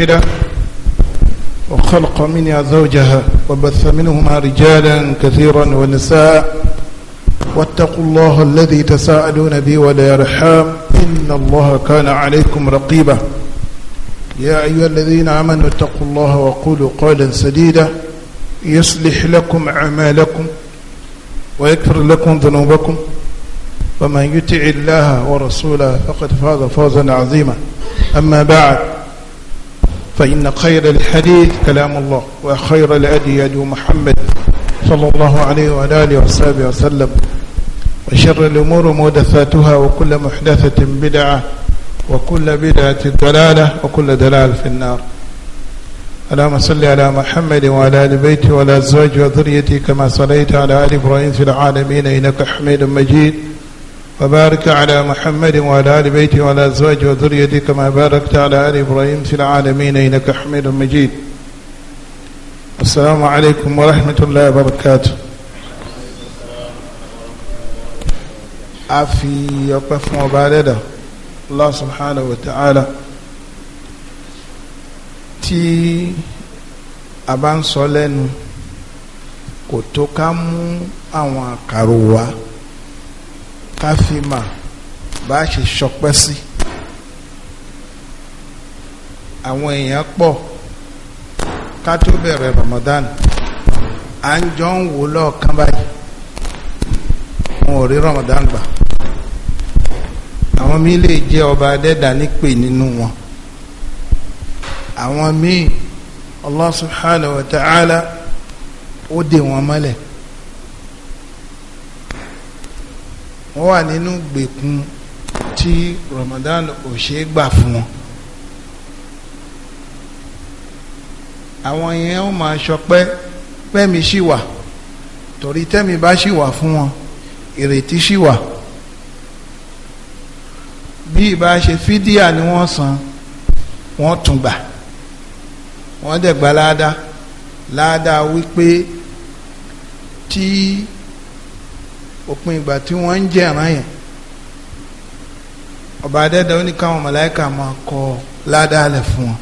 واحدة وخلق منها زوجها وبث منهما رجالا كثيرا ونساء واتقوا الله الذي تساءلون به يرحام إن الله كان عليكم رقيبا يا أيها الذين آمنوا اتقوا الله وقولوا قولا سديدا يصلح لكم أعمالكم ويكفر لكم ذنوبكم ومن يتع الله ورسوله فقد فاز فوزا عظيما أما بعد فإن خير الحديث كلام الله وخير الأدي يد محمد صلى الله عليه وعلى آله وصحبه وسلم وشر الأمور مودثاتها وكل محدثة بدعة وكل بدعة دلالة وكل دلالة في النار اللهم صل على محمد وعلى آل بيته وعلى أزواجه وذريته كما صليت على آل إبراهيم في العالمين إنك حميد مجيد وبارك على محمد وعلى آل بيته وعلى أزواجه وذريته كما باركت على آل إبراهيم في العالمين إنك حميد مجيد السلام عليكم ورحمة الله وبركاته a fi ọpẹ́ fún ọba Adẹ́dàá Allah subhanahu wa ta'ala tí a ká fi mà bá a ṣe ṣọpẹ́ sí àwọn èèyàn pọ̀ ká tó bẹ̀rẹ̀ Ramadan à ń jọ ń wò lọ́ọ̀kan báyìí wọn ò rí Ramadan gbà àwọn míì lè jẹ́ ọba adẹ́dà nípè nínú wọn àwọn míì Allah subhanahu wa ta'ala ó dè wọn mọ́lẹ̀. wọ́n wà nínú gbèkùn tí Ramadan ò ṣe é gbà fún wọn. àwọn yẹn ó máa ṣọpẹ́ pẹ́mi ṣì wà torí tẹ́mi bá ṣì wà fún wọn ìrètí ṣì wà bí ìbá ṣe fídíà ni wọ́n san wọ́n tún gbà wọ́n dẹ̀ gba láàdá láàdá wípé Tí òpin ìgbà tí wọ́n ń jẹ̀ràn yẹn ọba adẹ́dàá ó ní káwọn màláíkà máa kọ ládàálẹ̀ fún wọn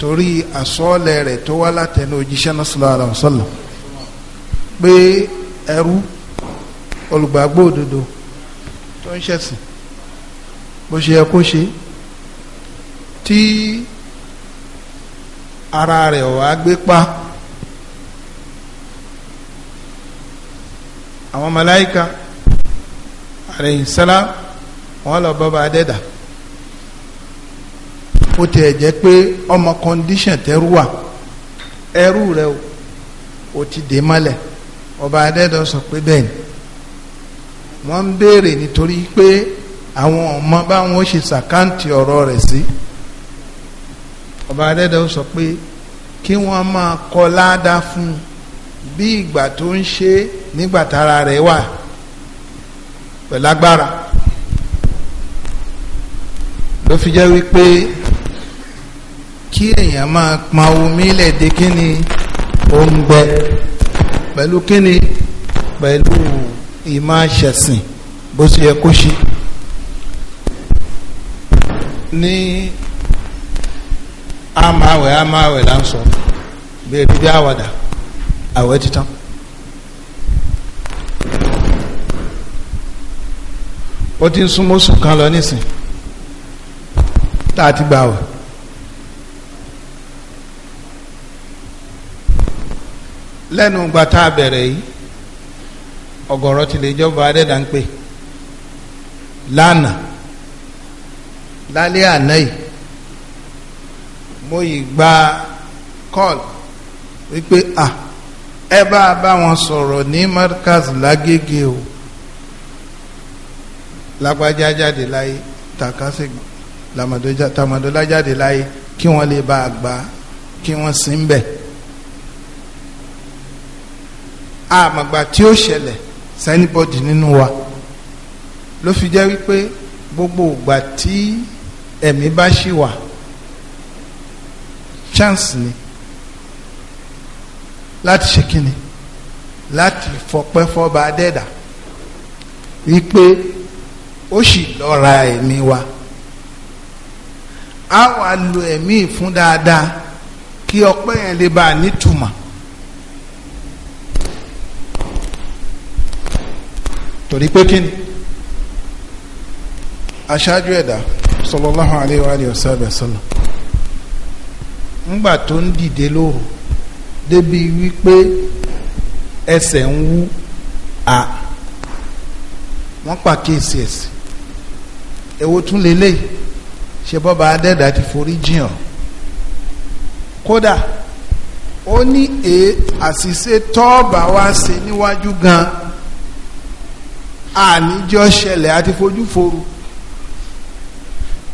torí àsọ́ọ̀lẹ̀ rẹ̀ tó wá látẹnu òjíṣẹ́ náà sallallahu alaihi wasallam pé ẹrú olùgbàgbọ́ òdodo tó ń ṣẹ̀sìn bó ṣe yẹ kó ṣe tí ara rẹ̀ wàá gbé pa. àwọn màláíkà àrẹ̀yìnsálá wọ́n lọ bọ́ba adẹ́dà ó tiẹ̀ jẹ́ pé ọmọ kọ́ndíṣàn tẹ́rù wà ẹrú rẹ o ò ti dè mọ́lẹ̀ ọba adẹ́dà sọ pé bẹ́ẹ̀ ni wọ́n ń béèrè nítorí pé àwọn ọmọ báwọn ṣe sàkáǹtì ọ̀rọ̀ rẹ̀ sí ọba adẹ́dà sọ pé kí wọ́n máa kọ ládàá fún un bí ìgbà tó ń ṣe nígbà tára rẹ̀ wà pẹ̀lú agbára ló fi jẹ́ wípé kí èèyàn máa pọn omi lẹ̀ ni kíni òǹgbẹ pẹ̀lú kíni pẹ̀lú ìmọ̀ bó ṣe yẹ kó ṣe ní àmàwẹ̀ àmàwẹ̀ là ń sọ bí ebi bí àwàdà àwẹ̀ ti tán ó ti ń súnmọ́ oṣù kan lọ nísìn tá a ti gbà wẹ̀ lẹ́nu ìgbà tá a bẹ̀rẹ̀ yìí ọ̀gọ̀rọ̀ tilẹ̀ ìjọba adẹ́dà ń pè lánàá lálẹ́ àná yìí mo yìí gba kọ́ọ̀lù wípé ah ẹ bá a bá wọn sọ̀rọ̀ ní markaz lágége o lágbájá jáde láyé takasegbe tamadola jáde láyé kí wọ́n lè bá a gbà kí wọ́n sin bẹ̀. àmàgbà tí ó ṣẹlẹ̀ sẹ́nibọ́dì nínú wa ló fi jẹ́ wípé gbogbo ìgbà tí ẹ̀mí bá ṣì wà chance ni láti ṣe kíni láti fọpẹ́ fọba adẹ́dà wípé ó sì lọ́ra ẹ̀mí wa a wà lo ẹ̀mí fún dáadáa kí ọpẹ́ yẹn lè bá a nítumọ̀. torí pé kí aṣáájú ẹ̀dá sallallahu alayhi wa sallam ńgbà tó ń dìde lóru débi wípé ẹsẹ̀ ń wú à wọ́n pàkíyèsí ẹ̀sìn èwo tún lélẹ̀ ṣe bọ́ba adẹ́dà ti forí jiyàn kódà ó ní e àṣìṣe tọ́ọ̀bà wá ṣe níwájú gan-an àníjọ́ ṣẹlẹ̀ àti fojú foru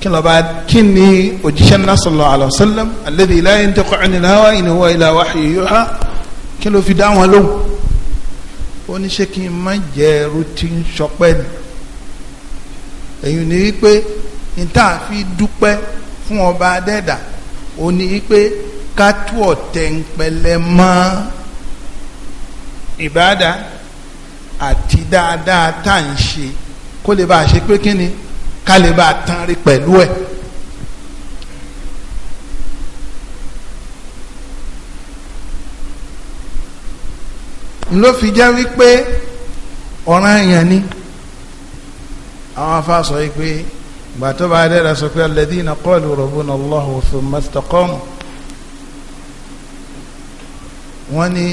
kílọ̀bá بعد كني òjíṣẹ́ ńlá sallallahu alaihi wasallam alladhi la yantiqu anil hawa in huwa illa wahyu yuha kí ló fi dá wọn lóhùn ó ní ṣé kí n má jẹ́ ẹrú tí ń sọpẹ́ ni èyí ni wípé níta fi dúpẹ́ fún ọba adẹ́dà ó wípé ká tú ọ̀tẹ̀ ń pẹlẹ mọ́ ìbáda àti dáadáa tá à ń ṣe kó lè bá a ṣe pé kí ni ká lè bá a tán rí pẹ̀lú ẹ̀. ló fi jẹ́ wípé ọ̀ràn èèyàn ni àwọn afa sọ wípé gbàtọ́ bá dẹ́ra sọ pé alladhina qalu rabbuna Allahu thumma istaqamu wọ́n ní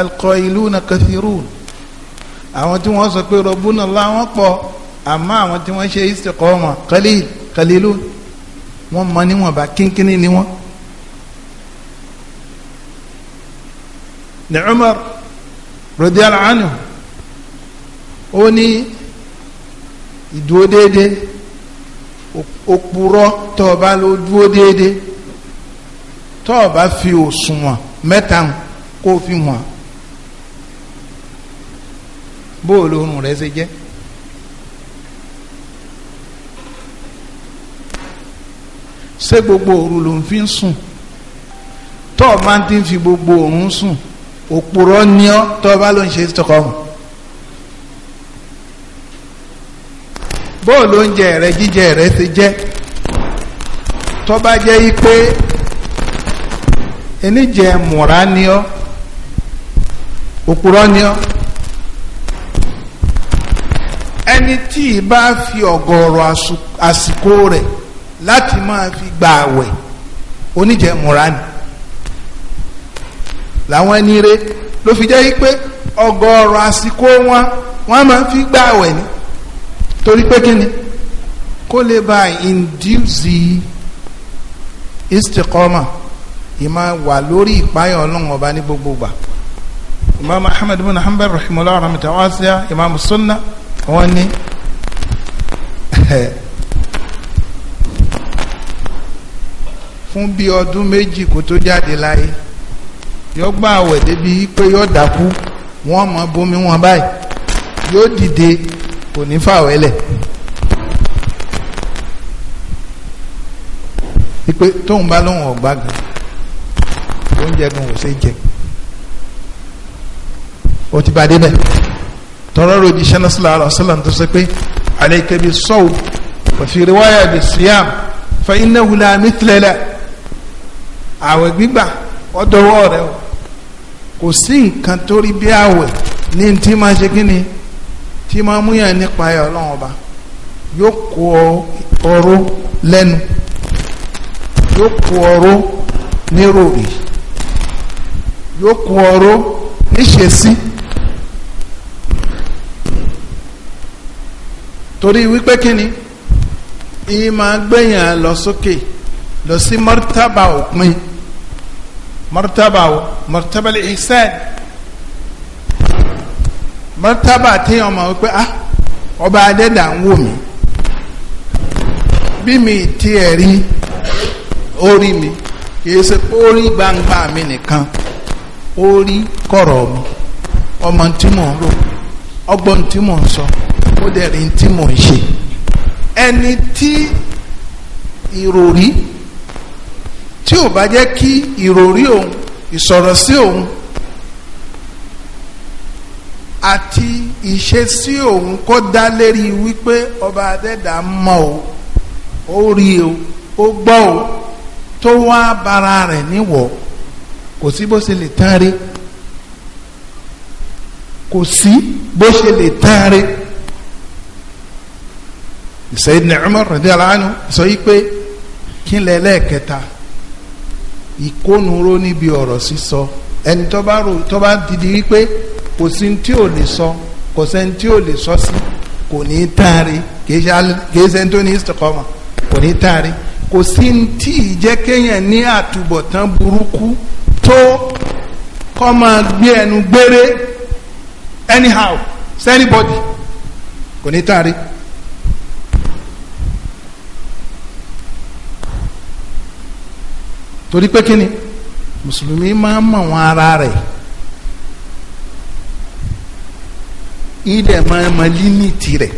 alqailuna kathirun àwọn tí wọ́n sọ pé rabbuna Allah wọ́n pọ̀ àmọ́ àwọn tí wọ́n ṣe istiqoma qalil qalilu wọ́n mọ níwọ̀nba kínkínní ni wọ́n. ní Umar radiyallahu anhu ó ní ìdúró déédéé òpùrọ́ tó o dúró déédéé tó fi òṣùwọ̀n mẹ́ta kó fi wọ̀n bóòlù oorun rẹ̀ ṣe jẹ́. ṣé gbogbo òru ló ń fi sùn tó o máa ti ń fi gbogbo òrun sùn òpùrọ́ ni ọ́ tó o bá ló ń ṣe tọkọ̀ọ̀mù. bóòlù oúnjẹ rẹ jíjẹ rẹ ti jẹ́ tó bá jẹ́ yí pé eníjẹ múra ni ọ́ òpùrọ́ ni ọ́ ẹni tí ì bá fi ọ̀gọ̀ọ̀rọ̀ àsìkò rẹ̀. láti máa fi gba àwẹ̀ oníjẹmúra ni làwọn ẹni re ló fi jẹ́ pé ọgọ́rọ̀ àsìkò wọn wọ́n máa fi gba àwẹ̀ ni torí pé kí ni kó lè ba induce istiqoma ìmá wà lórí ìpáyọ̀ ọlọ́run ọba ní gbogbo gbà imam ahmed bin hanbal rahimahullah rahmatulahi imam sunna wọn ni. fún bí ọdún méjì kó tó jáde láyé yóò gbà àwẹ̀ débi pé yóò dákú wọ́n mọ bomi wọn báyìí yóò dìde kò ní fàwẹ́lẹ̀ ipe tóun bá lóun ọ̀gbá gan oúnjẹ gan ò ṣe jẹ ó ti bá débẹ̀ tọrọ ròjì sallallahu alaihi wasallam tó sọ pé alayka bis sawm wa fi riwaya bis siyam fa innahu la mithla lahu àwẹ̀ gbígbà ọdọwọ́ rẹ o kò sí nǹkan tó rí bí àwẹ̀ ní tí máa ṣe kí ni tí máa mú yàn nípa ẹ̀ ọlọ́run ọba yóò kó ọ̀rọ̀ lẹ́nu yóò kó ọ̀rọ̀ níròrí yóò kó ọ̀rọ̀ níṣesí. torí wípé kí ni ìyí máa gbẹ̀yàn lọ sókè. Okay lọ sí martaba òpin martaba o martaba ihsan martaba téèyàn máa wípé ah ọba adẹ́dà ń wò mí bí mi ti ẹ̀ rí orí mi kìí ṣe pé orí gbangba mi nìkan orí kọ̀rọ̀ mi ọmọ tí mò ń rò ọgbọ́n tí mò ń sọ ó dẹ̀ rí tí mò ń ṣe ẹni tí ìròrí tí ò bá jẹ́ kí ìròrí òun ìsọ̀rọ̀ sí òun àti ìṣesí òun kó dá lérí wípé ọba adẹ́dà mọ̀ o ó rí o ó gbọ́ o tó wá bara rẹ̀ níwọ̀ kò sí bó ṣe lè tán rí kò sí bó ṣe lè tán rí Sayyidina Umar radiyallahu anhu sọ yí pé kí n lẹ ìkónuró níbi ọ̀rọ̀ sísọ ẹni tó bá rò tó bá didi wípé kò sí tí ò lè sọ kò sẹ́ni tí ò lè sọ sí kò ní í taari kìí sẹ́ni tó ní í sọ̀kọ́mọ̀ kò ní í kò sí tí ì kéèyàn ní àtúbọ̀tán burúkú tó kọ́ máa gbé ẹnu gbére anyhow sẹ́ni kò ní í torí pé kíni mùsùlùmí máa ń mọ̀ wọn ara rẹ̀ ilẹ̀ máa ń mọ límìtì rẹ̀.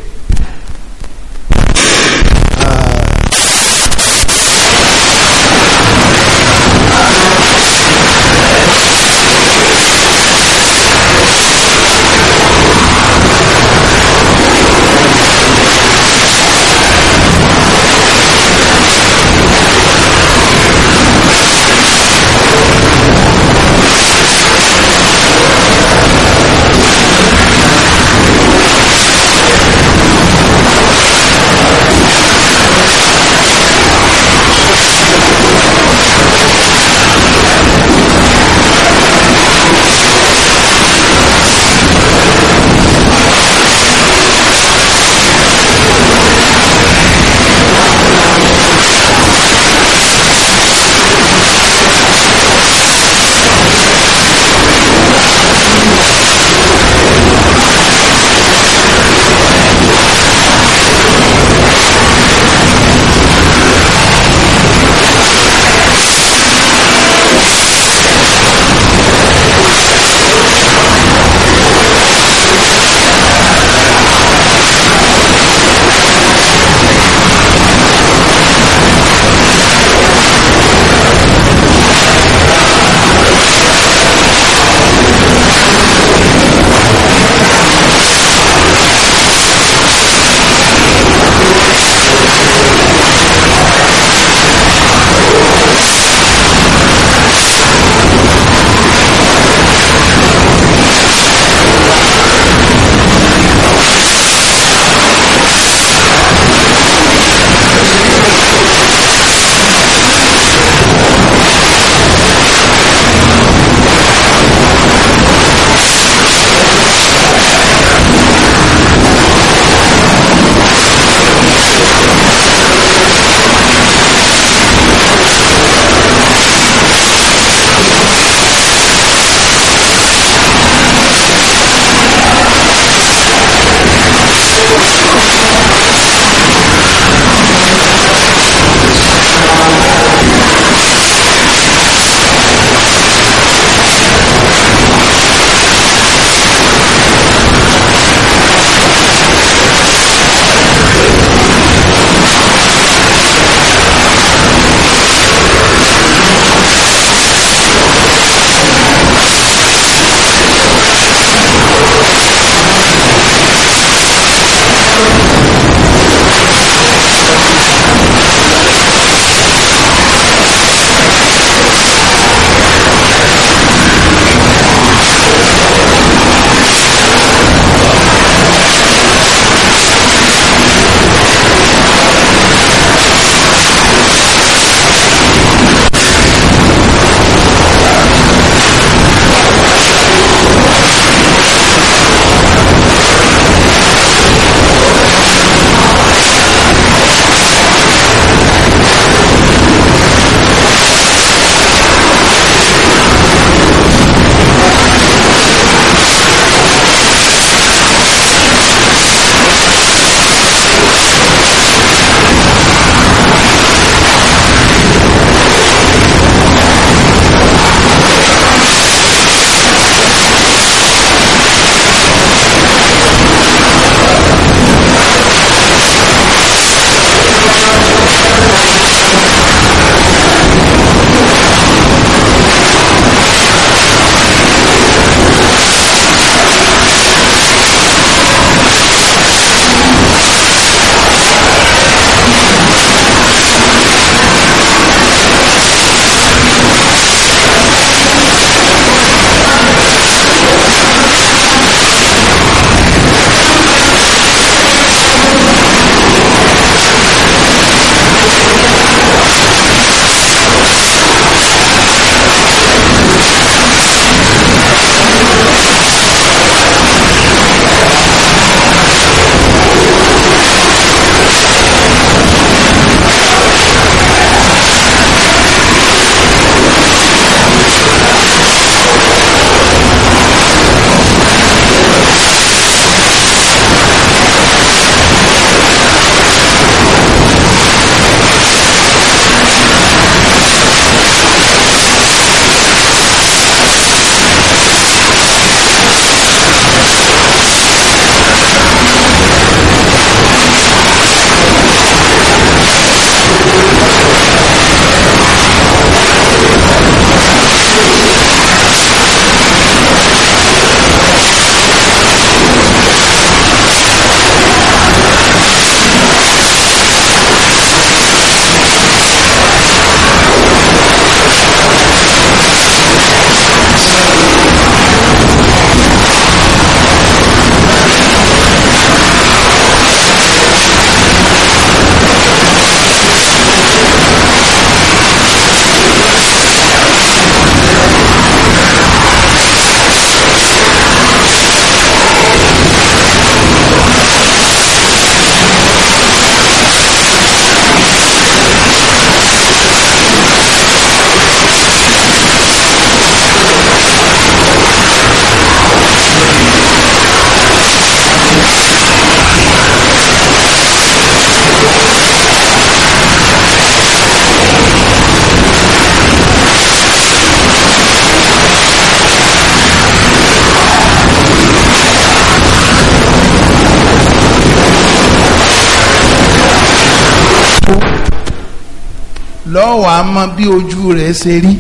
lọ́wọ́ a mọ bí ojú rẹ̀ ṣe rí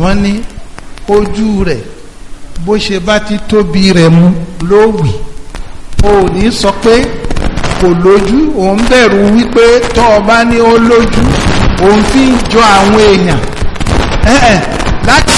wọ́n ní ojú rẹ̀ bó ṣe bá ti tóbi rẹ̀ mu ló wì o ní sọ pé kò lójú òun bẹ̀rù wípé tọ́ ọ bá ní ó lójú òun fi ń jọ àwọn èèyàn láti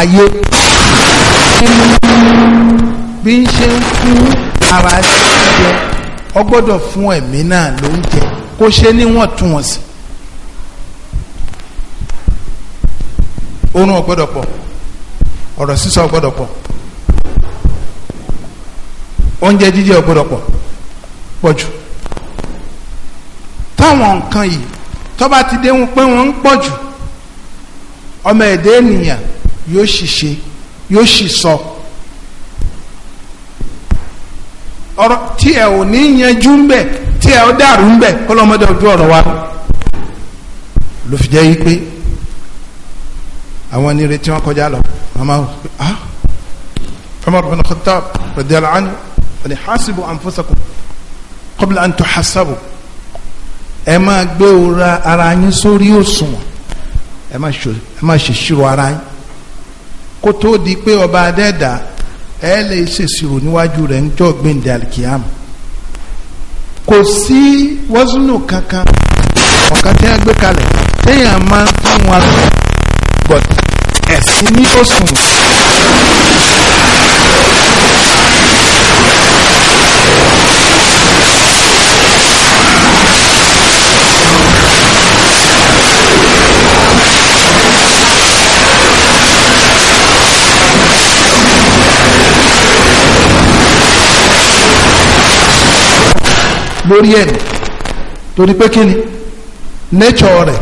ayé bí ń ṣe ń fún ara jẹ ọ gbọ́dọ̀ fún ẹ̀mí náà lóúnjẹ kó ṣe níwọ̀ntúnwọ̀nsì oorun ò gbọ́dọ̀ pọ̀ ọ̀rọ̀ sísọ ò gbọ́dọ̀ pọ̀ oúnjẹ jíjẹ ò gbọ́dọ̀ pọ̀ pọ̀jù táwọn nǹkan yìí tọ́ba ti dé wọn pé wọ́n ń pọ̀jù ọmọ ẹ̀dẹ́ ènìyàn yóò sì ṣe yóò sì sọ ọ̀rọ̀ tí ẹ ò ní yanjú ń bẹ tí ẹ ò dàrú ń bẹ ọlọmọdé ojú ọ̀rọ̀ wa ló fi jẹ́ yí pé àwọn ẹni retí wọn kọjá lọ màmá ah Umar bin Khattab radiyallahu anhu ani hasibu anfusakum qabla an tuhasabu ẹ máa gbé ara yín sórí òṣùwọ̀n ẹ máa ṣe ṣírò ara yín kó tó di pé ọba adẹ́dà ẹ lè ṣèṣirò níwájú rẹ̀ níjọ́ gbẹ̀ǹdẹ̀ alikiyama kò sí wọ́sùnù kankan ọ̀kan tí wọ́n gbé kalẹ̀ téèyàn máa ń fún wọn lọ bọ̀t ẹ̀sìn ní ó sùn. lórí ẹ̀mí torí pé kí ni nature rẹ̀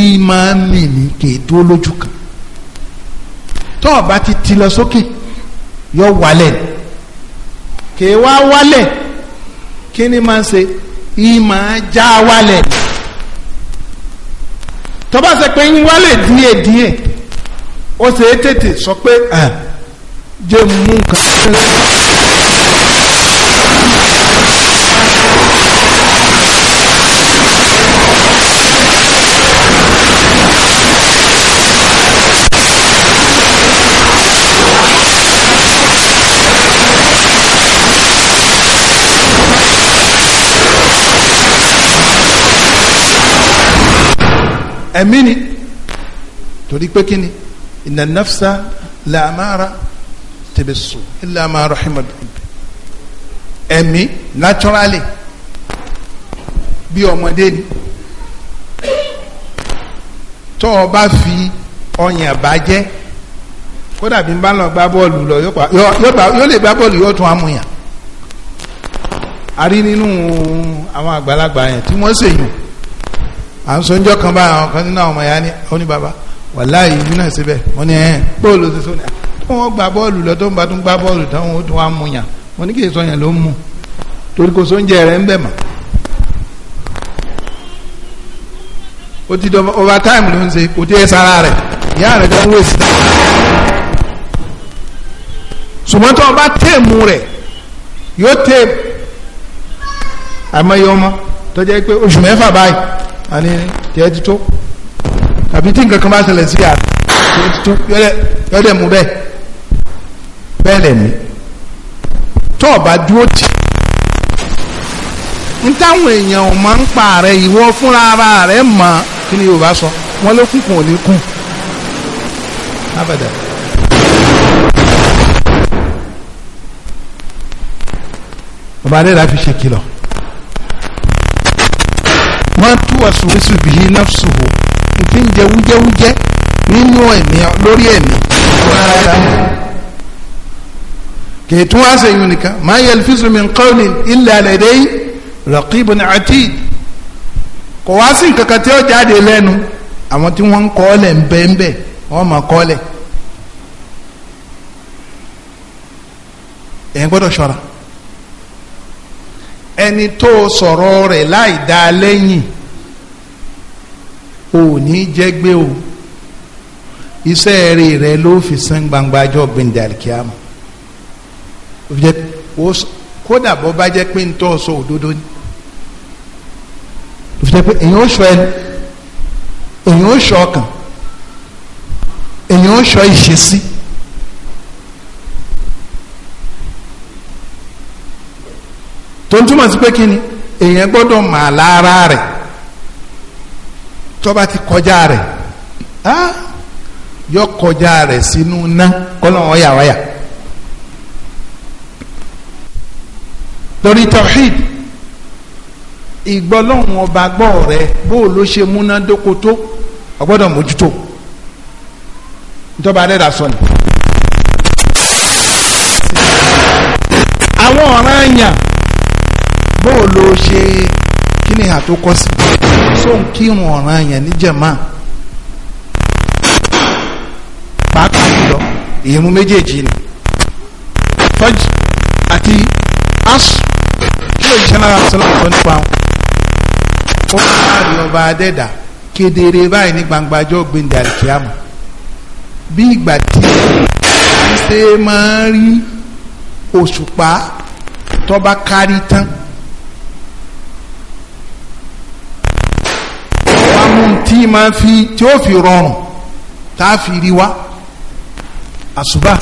ìmánì ni kì í dúró lójú kan tó o bá ti ti lọ sókè yọ wálẹ̀ kì í wá wálẹ̀ kí ni máa ń ṣe ìmọ̀ já wálẹ̀ tó ṣe pé ń wálẹ̀ díẹ̀díẹ̀ ó ṣe é tètè sọ pé jẹ́ mú nǹkan tó ń sọ. ẹ̀mí ni torí pé kí ni inna nafsa làmàrà tẹ̀bẹ̀sọ illa ma rahima ẹ̀mí naturally bí ọmọdé ni tó o bá fi ọyàn bá jẹ́ kódà bí n bá lọ gbá bọ́ọ̀lù lọ yóò lè gbá bọ́ọ̀lù yóò tún amúyàn a rí nínú àwọn àgbàlagbà yẹn tí wọ́n ṣèyàn à ń sọ́njọ́ kan báyìí àwọn kan nínú àwọn ọmọ ya ni ó ní bàbá wàláyé ìlú náà síbẹ̀ wọ́n ní ẹ̀ bọ́ọ̀lù ti sọ ní à wọ́n gba bọ́ọ̀lù lọ tó ń bá tó ń gbá bọ́ọ̀lù tán wọ́n tó wá mú yàn wọ́n ní kì í sọ yàn ló ń mú torí kò sóúnjẹ rẹ̀ ń bẹ̀ mọ́. ó ti dọ̀ over time ló ń ṣe kò tí ẹ sara rẹ̀ ìyá rẹ̀ tó ń wé ṣùgbọ́n tó o bá téèmù rẹ̀ yóò téèmù àmọ́ iye ọmọ tó jẹ́ pé oṣù mẹ́fà báyìí ani ní tiẹ̀ ti tó àbí tí nǹkan kan bá ṣẹlẹ̀ sí àná tiẹ̀ ti tó yọ̀dẹ̀ mú bẹ́ẹ̀ bẹ́ẹ̀ lẹ̀ ní tó o bá dúró tì n táwọn èèyàn ò máa ń pa rẹ ìwọ fúnra ara rẹ mọ kí ni Yorùbá sọ wọn ló kúnkún ò ní kún abẹ́dẹ̀. bàbá adéla fi ṣe kìlọ̀ máa tú wàsùwẹ́sù bìí náfṣùhù ìfi ń jẹ wújẹ́wújẹ́ nínú ẹ̀mí lórí ẹ̀mí kèétú wá sẹ́yìn nìkan máa yẹ lùfíìsù min qawlin illa ladayhi raqibun atid kò wá sí nǹkan kan tí ó jáde lẹ́nu àwọn tí wọ́n ń kọ́ ọ́lẹ̀ ń bẹ́ẹ̀ ń bẹ́ẹ̀ wọ́n máa kọ́ ọ́lẹ̀ ẹ̀yin gbọ́dọ̀ ṣọ́ra ẹni tó sọ̀rọ̀ rẹ̀ láì dá lẹ́yìn ò ní jẹ́ gbé o iṣẹ́ rẹ̀ rẹ̀ ló fi san gbangba jọ gbẹ̀ndàlkíámù kódà bó bá jẹ́ pé ń tọ́ sọ òdodo ni òfìjẹ́ pé èyàn ó sọ ẹnu èyàn ó sọ ọkàn èyàn ó sọ ìṣesí. tó ń túmọ̀ sí ni èèyàn gbọ́dọ̀ mà lára rẹ̀ tó bá ti kọjá rẹ̀ á yọ kọjá rẹ̀ sínú ná kọ́lọ́ ọ̀yà wáyà. lórí tawhid ìgbọ́lọ́hún ọba gbọ́ rẹ bó ló ṣe múnádóko tó o mójútó ntọ́ba adẹ́dà sọ ni. àwọn ọ̀ràn àyàn bóò ló ṣe kí ni àtúkọ sí so ń kírun ọ̀ràn yẹn níjẹ̀má pàápàá jùlọ ìrun méjèèjì ni fọ́jì àti aṣù kí ló ṣe lára sọ́lá ọ̀tọ̀ nípa wọn ó láàrin ọba adẹ́dà kedere báyìí ní gbangba ọjọ́ àlìkíyàmù bí ìgbà tí ṣe máa ń rí òṣùpá tó kárí tán. míì máa fi tí ó fi rọrùn tá a fi rí wa àṣùbà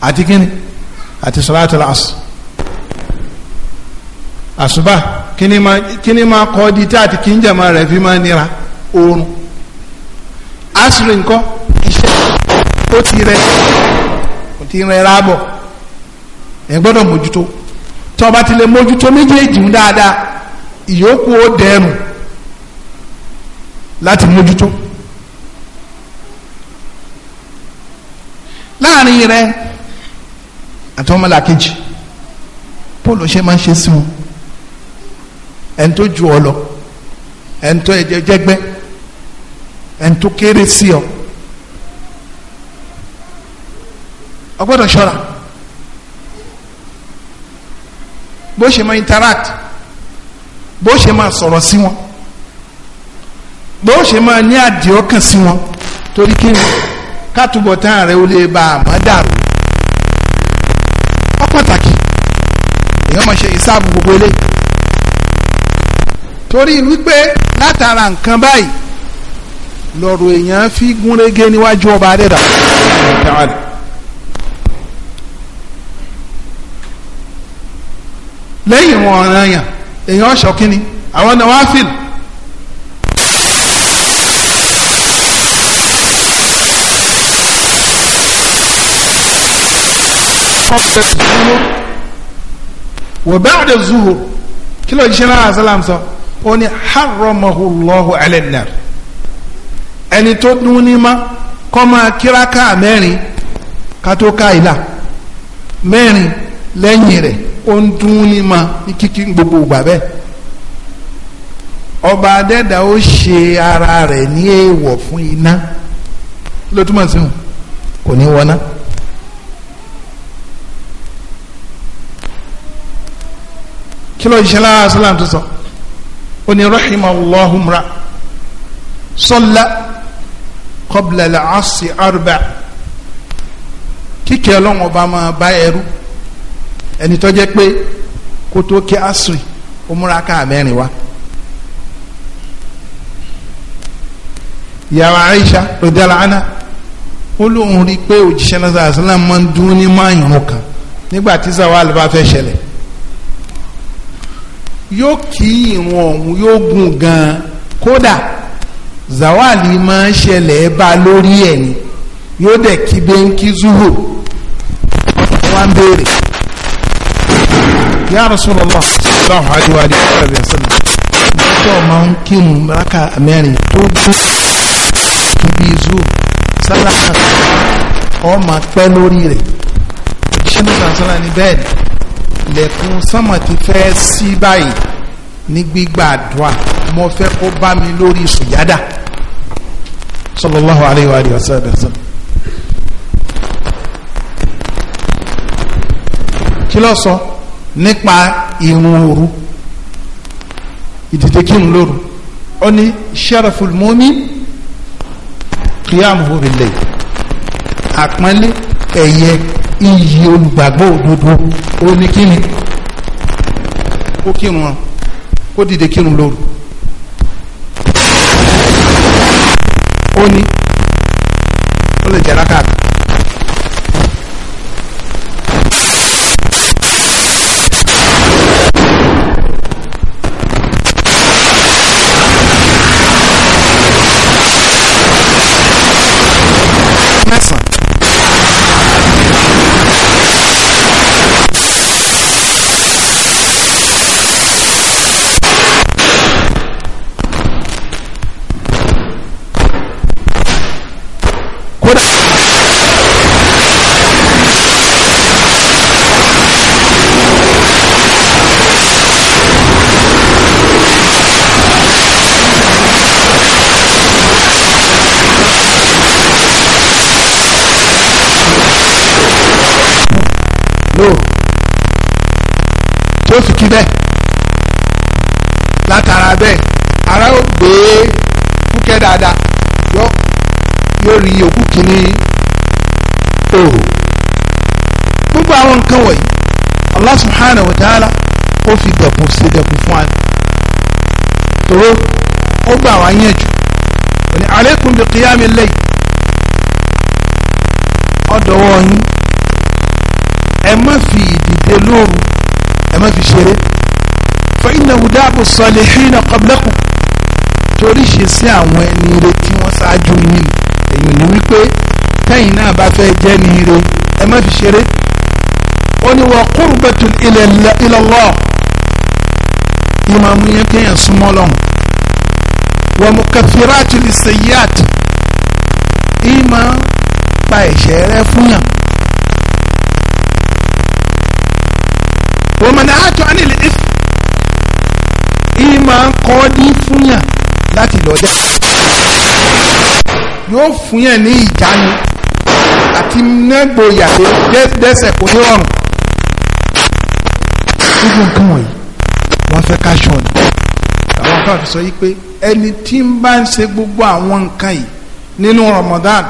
àti kíni àti salatu al-asr àṣùbà kíni máa kọ́ di tí àti kí jẹ̀mọ́ rẹ̀ fi máa nira oorun asiri nǹkan iṣẹ́ ó ti rẹ ó ti rẹ rábọ̀ ẹ gbọ́dọ̀ mójútó tọba ti lè mójútó méjèèjì dáadáa ìyókù ó dẹrùn láti mójútó láàrin rẹ àti ọmọ làkejì pọ́ọ̀lù ṣe máa ń ṣe sí wọn ẹni tó ju ọ lọ ẹni tó ẹjẹ jẹgbẹ ẹni tó kéré sí ọ ọ gbọ́dọ̀ ṣọ́ra bó ṣe máa interact bó ṣe máa sọ̀rọ̀ sí wọn bó ṣe máa ní àdìọ́kàn sí wọn torí kí ni kátùbọ̀ tán rẹ̀ ó lè ba àmọ́ dàrú ọ pàtàkì èèyàn máa ṣe ìsáàbù gbogbo ilé torí wípé látara nǹkan báyìí lọ́rọ̀ èèyàn fi gúnrégé níwájú ọba adẹ́dà lẹ́yìn wọn ọ̀ràn yàn èèyàn ṣọ́kínni àwọn náà wá fìlì. sọ́dọ̀ zuhur wa ba'da zuhur kí ló ṣe náà sálàm sọ ó ní haramahu Allahu ala nar ẹni tó dún ní ma kọ́ máa kíráká mẹ́rin kátó ká ìlà mẹ́rin lẹ́yìn rẹ̀ ó ń dún ní ma ní kíkí gbogbo ìgbà bẹ́ẹ̀ ọba adẹ́dà ó ṣe ara rẹ̀ ní èèwọ̀ fún iná ló túmọ̀ sí wọn kò ní wọná. kí ló jíṣẹ́ lára sálàm tó sọ ó ní rahima allahumra sọlá qabla al-asri arba kíkẹ́ ọlọ́run ọba máa bá ẹrú ẹni tó jẹ́ pé kó tó kí asri ó múra ká mẹ́rin wá. ìyàwó Aisha rọdíàlá ana ó lóun rí i pé òjíṣẹ́ náà sàlám máa ń dún ní máa kan nígbà tí zawal bá ṣẹlẹ̀ yóò kí ìrun ọ̀hún yóò gùn gan kódà zawali máa ń ṣẹlẹ̀ bá lórí ẹ̀ ni yóò dẹ̀ kí bẹ́ńkì zuhu wá ń béèrè. ya Rasulullah sallallahu alaihi wa alihi wa sallam dókítà máa ń kírun rákà mẹ́rin tó dùn níbi zuhu sálà kan ọmọ pẹ́ lórí rẹ̀ òṣìṣẹ́ nípa sálà ní bẹ́ẹ̀ ni lẹ̀kùn sánmọ̀ ti fẹ́ sí báyìí ní gbígbà àdúrà mo fẹ́ kó bá mi lórí sùjádà sallallahu alayhi wa alihi wa sallam. kí ló sọ nípa ìrun òru ìdìde kírun lóru ó ní sharaful mu'min qiyamuhu bil àpọ́nlé ẹ̀yẹ iyì olùgbàgbọ́ òdodo oníkíni kó kírun wọn kó dìde kírun lóru ó ní ó lè jẹ́ rákàtà rí òkú kìíní òrò gbogbo àwọn nǹkan wọ̀nyí Allah subhanahu wa ta'ala ó fi dẹ̀kun sí dẹ̀kun fún wa tòró ó gbà wá yẹ̀jù òní alaykum bi qiyamil layl ọ̀dọ̀wọ́ yín ẹ má fi ìdìde lóru ẹ má fi ṣeré fa innahu da'bu salihina qablakum torí ṣe sí àwọn ẹni ire tí wọ́n ṣáájú yín èyí ni wípé tẹ́yìn náà bá fẹ́ jẹ́ ní ire ẹ má fi ṣeré ó ní wọ́n qurbatun ila Allah ìmọ̀ àmúyẹ kéèyàn súnmọ́ lọ́hùn wa mukaffiratu lisayyi'at ìmọ̀ pa ẹ̀ṣẹ̀ rẹ fún yàn. wa man'atu anil ithm ìmọ̀ kọ́ dín fún láti lọ́jà yóò fún yàn ní ìjánu àti nẹ́gbòyà tó dẹ́sẹ̀ kò ní rọrùn. gbogbo nǹkan wọ̀nyí wọ́n fẹ́ ká ni àwọn kan fi sọ yìí pé ẹni tí ń bá ń ṣe gbogbo àwọn nǹkan yìí nínú Ramadan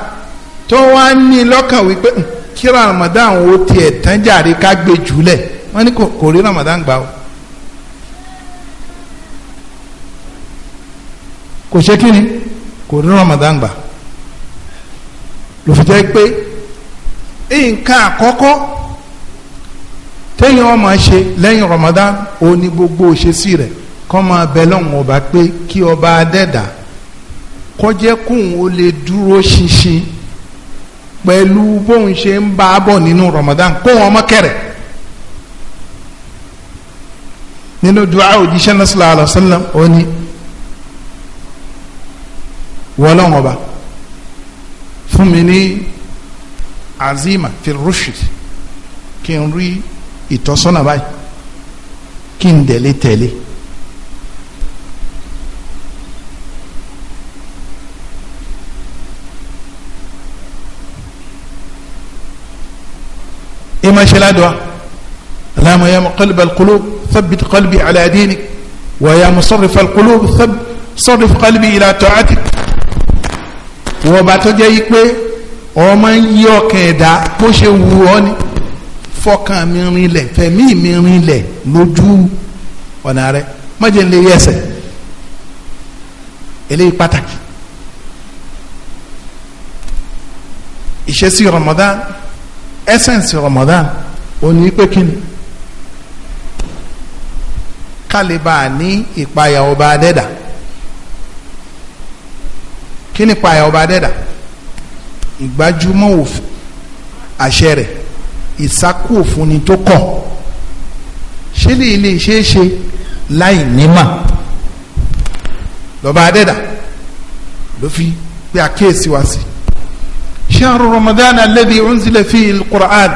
tó wá ní lọ́kàn wípé kí Ramadan ó tiẹ̀ tán jàre ká gbé jùlẹ̀ wọ́n ní kò rí Ramadan gbà o. kò ṣe kí ni kò rí Ramadan gbà o. ló fi jẹ́ pé nǹkan àkọ́kọ́ téèyàn ṣe lẹ́yìn Ramadan ó ní gbogbo o rẹ̀ kọ́ máa bẹ ọba pé kí ọba adẹ́dà kọjẹ́ kóun ó lè dúró ṣinṣin pẹ̀lú bóun ṣe ń bá a bọ̀ nínú Ramadan kóun ọmọ kẹrẹ̀ nínú du'a òjíṣẹ́ náà ó fún mi ní azima fi rushd kí n rí ìtọ́sọ́nà báyìí kí n dẹ̀lé tẹ̀lé. إما شلادوا اللهم يا مقلب القلوب ثبت قلبي على دينك ويا مصرف القلوب ثب صرف قلبي إلى طاعتك wọn bá tó jẹ́ yí pé ọmọ ń yí ọkàn ẹ̀dá bó ṣe wù ọ́ ni fọkàn mi rinlẹ̀ fẹ̀mí mi rinlẹ̀ lójú ọ̀nà rẹ mọ́jẹ̀ ń lè yẹsẹ̀ eléyìí pàtàkì ìṣesí Ramadan essence Ramadan òní pé kí ni kálíbà ní ìpayà ọba adẹ́dàá kí ni payà ọba dẹ́dà ìgbájúmọ́ òfin àṣẹ rẹ̀ ìsákú òfin ni tó kọ̀ ṣé lè lè ṣeé ṣe láì nímà lọ́ba dẹ́dà ló fi pé àkíyèsí wá sí shahru ramadan alladhi unzila fihi alquran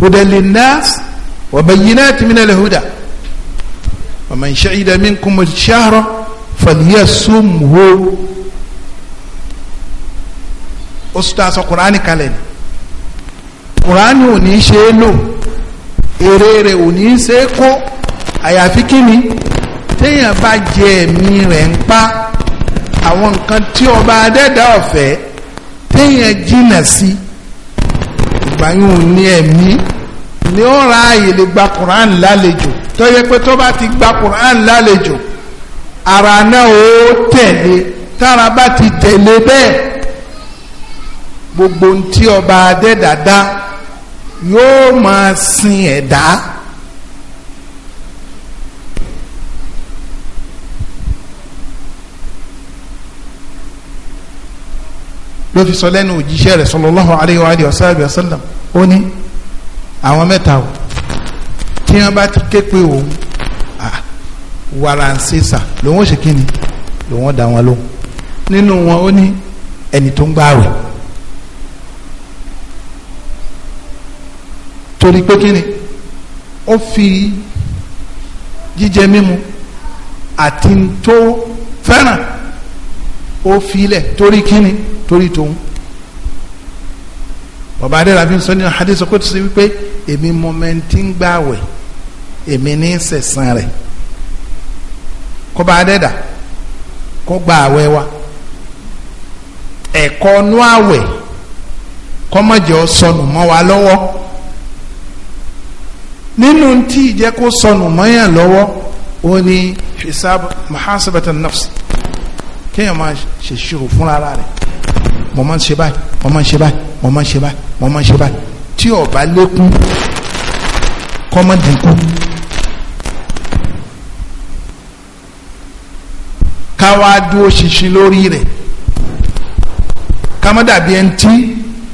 hudan linnas wa bayyinati minal huda wa man shahida minkum alshahra falyasumhu ó sọ aṣọ kùránì kalẹ̀ ni kùránì ò ní ṣe é lò èrè rẹ̀ ò ní ṣe é kó àyàfi kí ni téèyàn bá jẹ ẹ̀mí rẹ̀ ń pa àwọn nǹkan tí ọba adẹ́dá ọ̀fẹ́ téèyàn jìnà sí ìgbà yìí ò ní ẹ̀mí ni ó ra àyè lè gba kùránì lálejò tó yẹ pé tó bá ti gba kùránì lálejò ara náà ó tẹ̀lé tára bá ti tẹ̀lé bẹ́ẹ̀ gbogbo ohun tí ọba adẹ́dàdá yóò máa sin ẹ̀dá. ló fi sọ lẹ́nu òjíṣẹ́ rẹ̀ sallallahu alayhi wa alihi wa sallam ó ní àwọn mẹ́ta o tí wọ́n bá ti ké pé òun waransisa lòun ó ṣe kí ni lòun ó dá wọn lóhùn nínú wọn ó ní ẹni tó ń gbààwẹ̀. torí pé kíni ó fi jíjẹ mímu àti tó fẹ́ràn ó filẹ̀ torí kíni torí tòun bàbá adéra fi ń sọ nínú hadith kò tó ṣe wípé èmi mọ̀mẹ́ntì ń gbààwẹ̀ èmi ní sẹ̀sán rẹ̀ kó bá adẹ́dà kó gba àwẹ̀ wa ẹ̀kọ́ nú àwẹ̀ kọ́mọ̀jẹ́ sọnù mọ́ wa lọ́wọ́ nínú tí ìjẹ́ kó sọnù mọ́yàn lọ́wọ́ ó ní hisab mahasabata nafs kéèyàn máa ṣèṣirò fúnra ara rẹ̀ mo máa ń ṣe báyìí mo máa ń ṣe báyìí mo máa ń ṣe báyìí mo máa ń ṣe báyìí tí ó lékún kó má dúró ṣinṣin lórí rẹ̀ ká má ẹni tí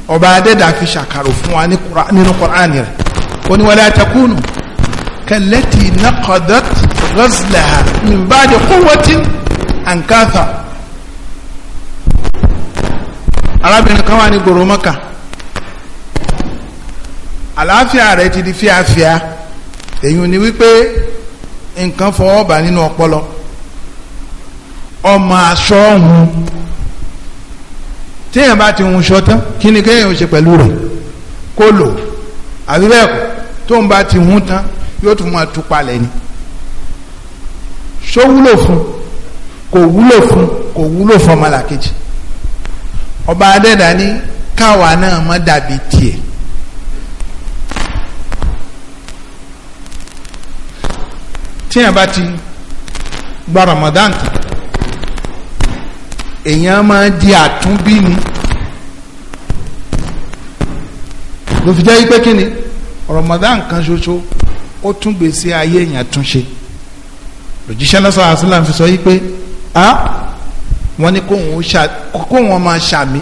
ọba adẹ́dàá fi ṣàkàrò fún wa nínú kọ́ránì rẹ̀ oníwàlẹ́ àtẹkùnù kẹlẹ́tì nàkọ́dọ́t rọ́sìlẹ̀hà nìbàdí kúwọ́tì ànkáfà. arábìnrin kan wà ní gbòòrò mọ́kà àlàáfíà rẹ̀ ti di fíafíà èyí ni wípé nǹkan fọwọ́ bà nínú ọpọlọ ọmọ aṣọ ọ̀hún téèyàn bá ti hun ṣọ kí ni kéèyàn ṣe pẹ̀lú rẹ̀ kó lò àbí bẹ́ẹ̀ kọ́ tó ń bá ti hún tán yóò tún máa tú palẹ̀ ni ṣó wúlò fún kò wúlò fún kò wúlò fún ọmọlàkejì ọba adẹ́dà ní káwa náà má dàbí tiẹ̀ tíyẹn bá ti gba Ramadan tán èèyàn máa di àtúnbí ni ló fi jẹ́ pé kí ni. Ramadan kan ṣoṣo ó tún gbèsè ayé èèyàn tún ṣe lòjíṣẹ́ lọ́sàn àṣìlá fi sọ yí pé a wọ́n ní kóhun máa ṣàmì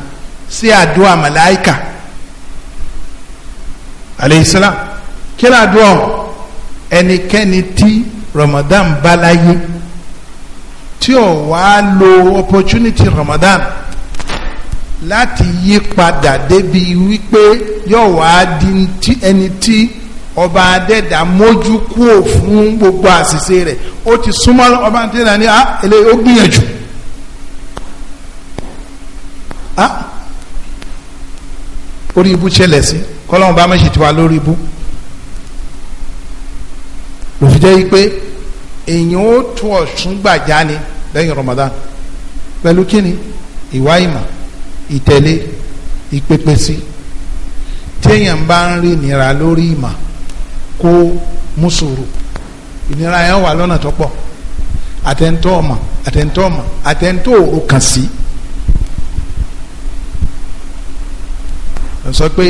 sí àdúrà màláìkà aleyhisselam kí ló àdúrà ẹnikẹ́ni tí Ramadan bá láyé tí ò wá lo opportunity Ramadan láti yí padà débi wípé yóò wá di ẹni tí ọba adẹ́dà mójú kúò fún gbogbo àṣìṣe rẹ̀ ó ti súnmọ́ ọba adẹ́dà ní ah, eléyìí ó gbìyànjú. Ah. orí ibú ṣẹlẹ̀ sí kọ́lọ́mù bá mẹ́sì tiwa lórí ibú lòfìjẹ́ yìí pé èèyàn ó tún ọ̀sùn gbàjá ni lẹ́yìn Ramadan pẹ̀lú kíni ìwà ìmọ̀ ìtẹ̀lé ìpèpè sí téèyàn bá ń rí ìnira lórí ìmọ̀ kó mùsùlù ìnira yẹn wà lọ́nà tó pọ̀ àtẹ̀ntọ́ ọmọ àtẹ̀ntọ́ ọmọ àtẹ̀ntọ́ òkàn sí. sọ pé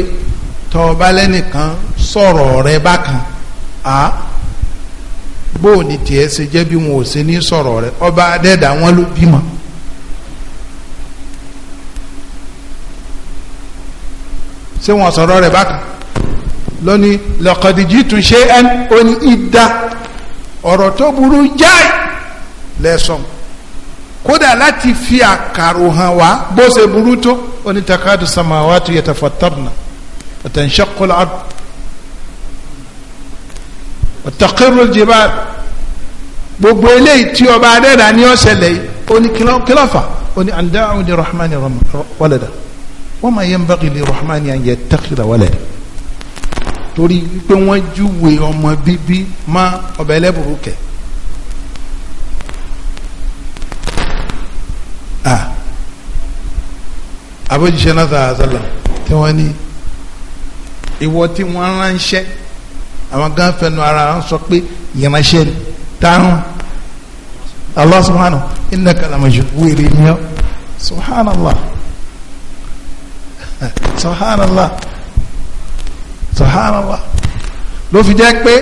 tọ́ ọ bá lẹ́nìkan sọ̀rọ̀ rẹ bákan á bóòní tiẹ̀ ṣe jẹ́ bí wọn ò ṣe ní sọ̀rọ̀ rẹ ọba adẹ́dà wọn ló bímọ. ṣé wọ́n sọ̀rọ̀ rẹ̀ bákan lónìí lọ́kọ̀dìjì tún ṣe ẹ́ ó ní ìdá ọ̀rọ̀ tó burú jáì lẹ́sọ̀n kódà láti fi àkàrò hàn wá bó ṣe burú tó ó ní takadu samawatu yatafattarna watanshaqu al-ard wataqirru al-jibal gbogbo eléyìí tí ọba adẹ́dà ní ọ̀sẹ̀ lẹ́yìn ó ní kílọ̀fà ó ní anda'u ni rahman walada wa ma yanbaghi lirrahmani an yattakhidha walada torí pé wọ́n júwe ọmọ bíbí má ọba ẹlẹ́bùrú kẹ̀. abojise náà sàrà sàlà tí wọ́n ní ìwọ tí wọ́n ránṣẹ́ àwọn gan fẹnu ara wọn sọ pé ìránṣẹ́ ni táwọn Allah subhanahu wèrè ni ọ subhanallah subhanallah subhanallah ló fi jẹ́ pé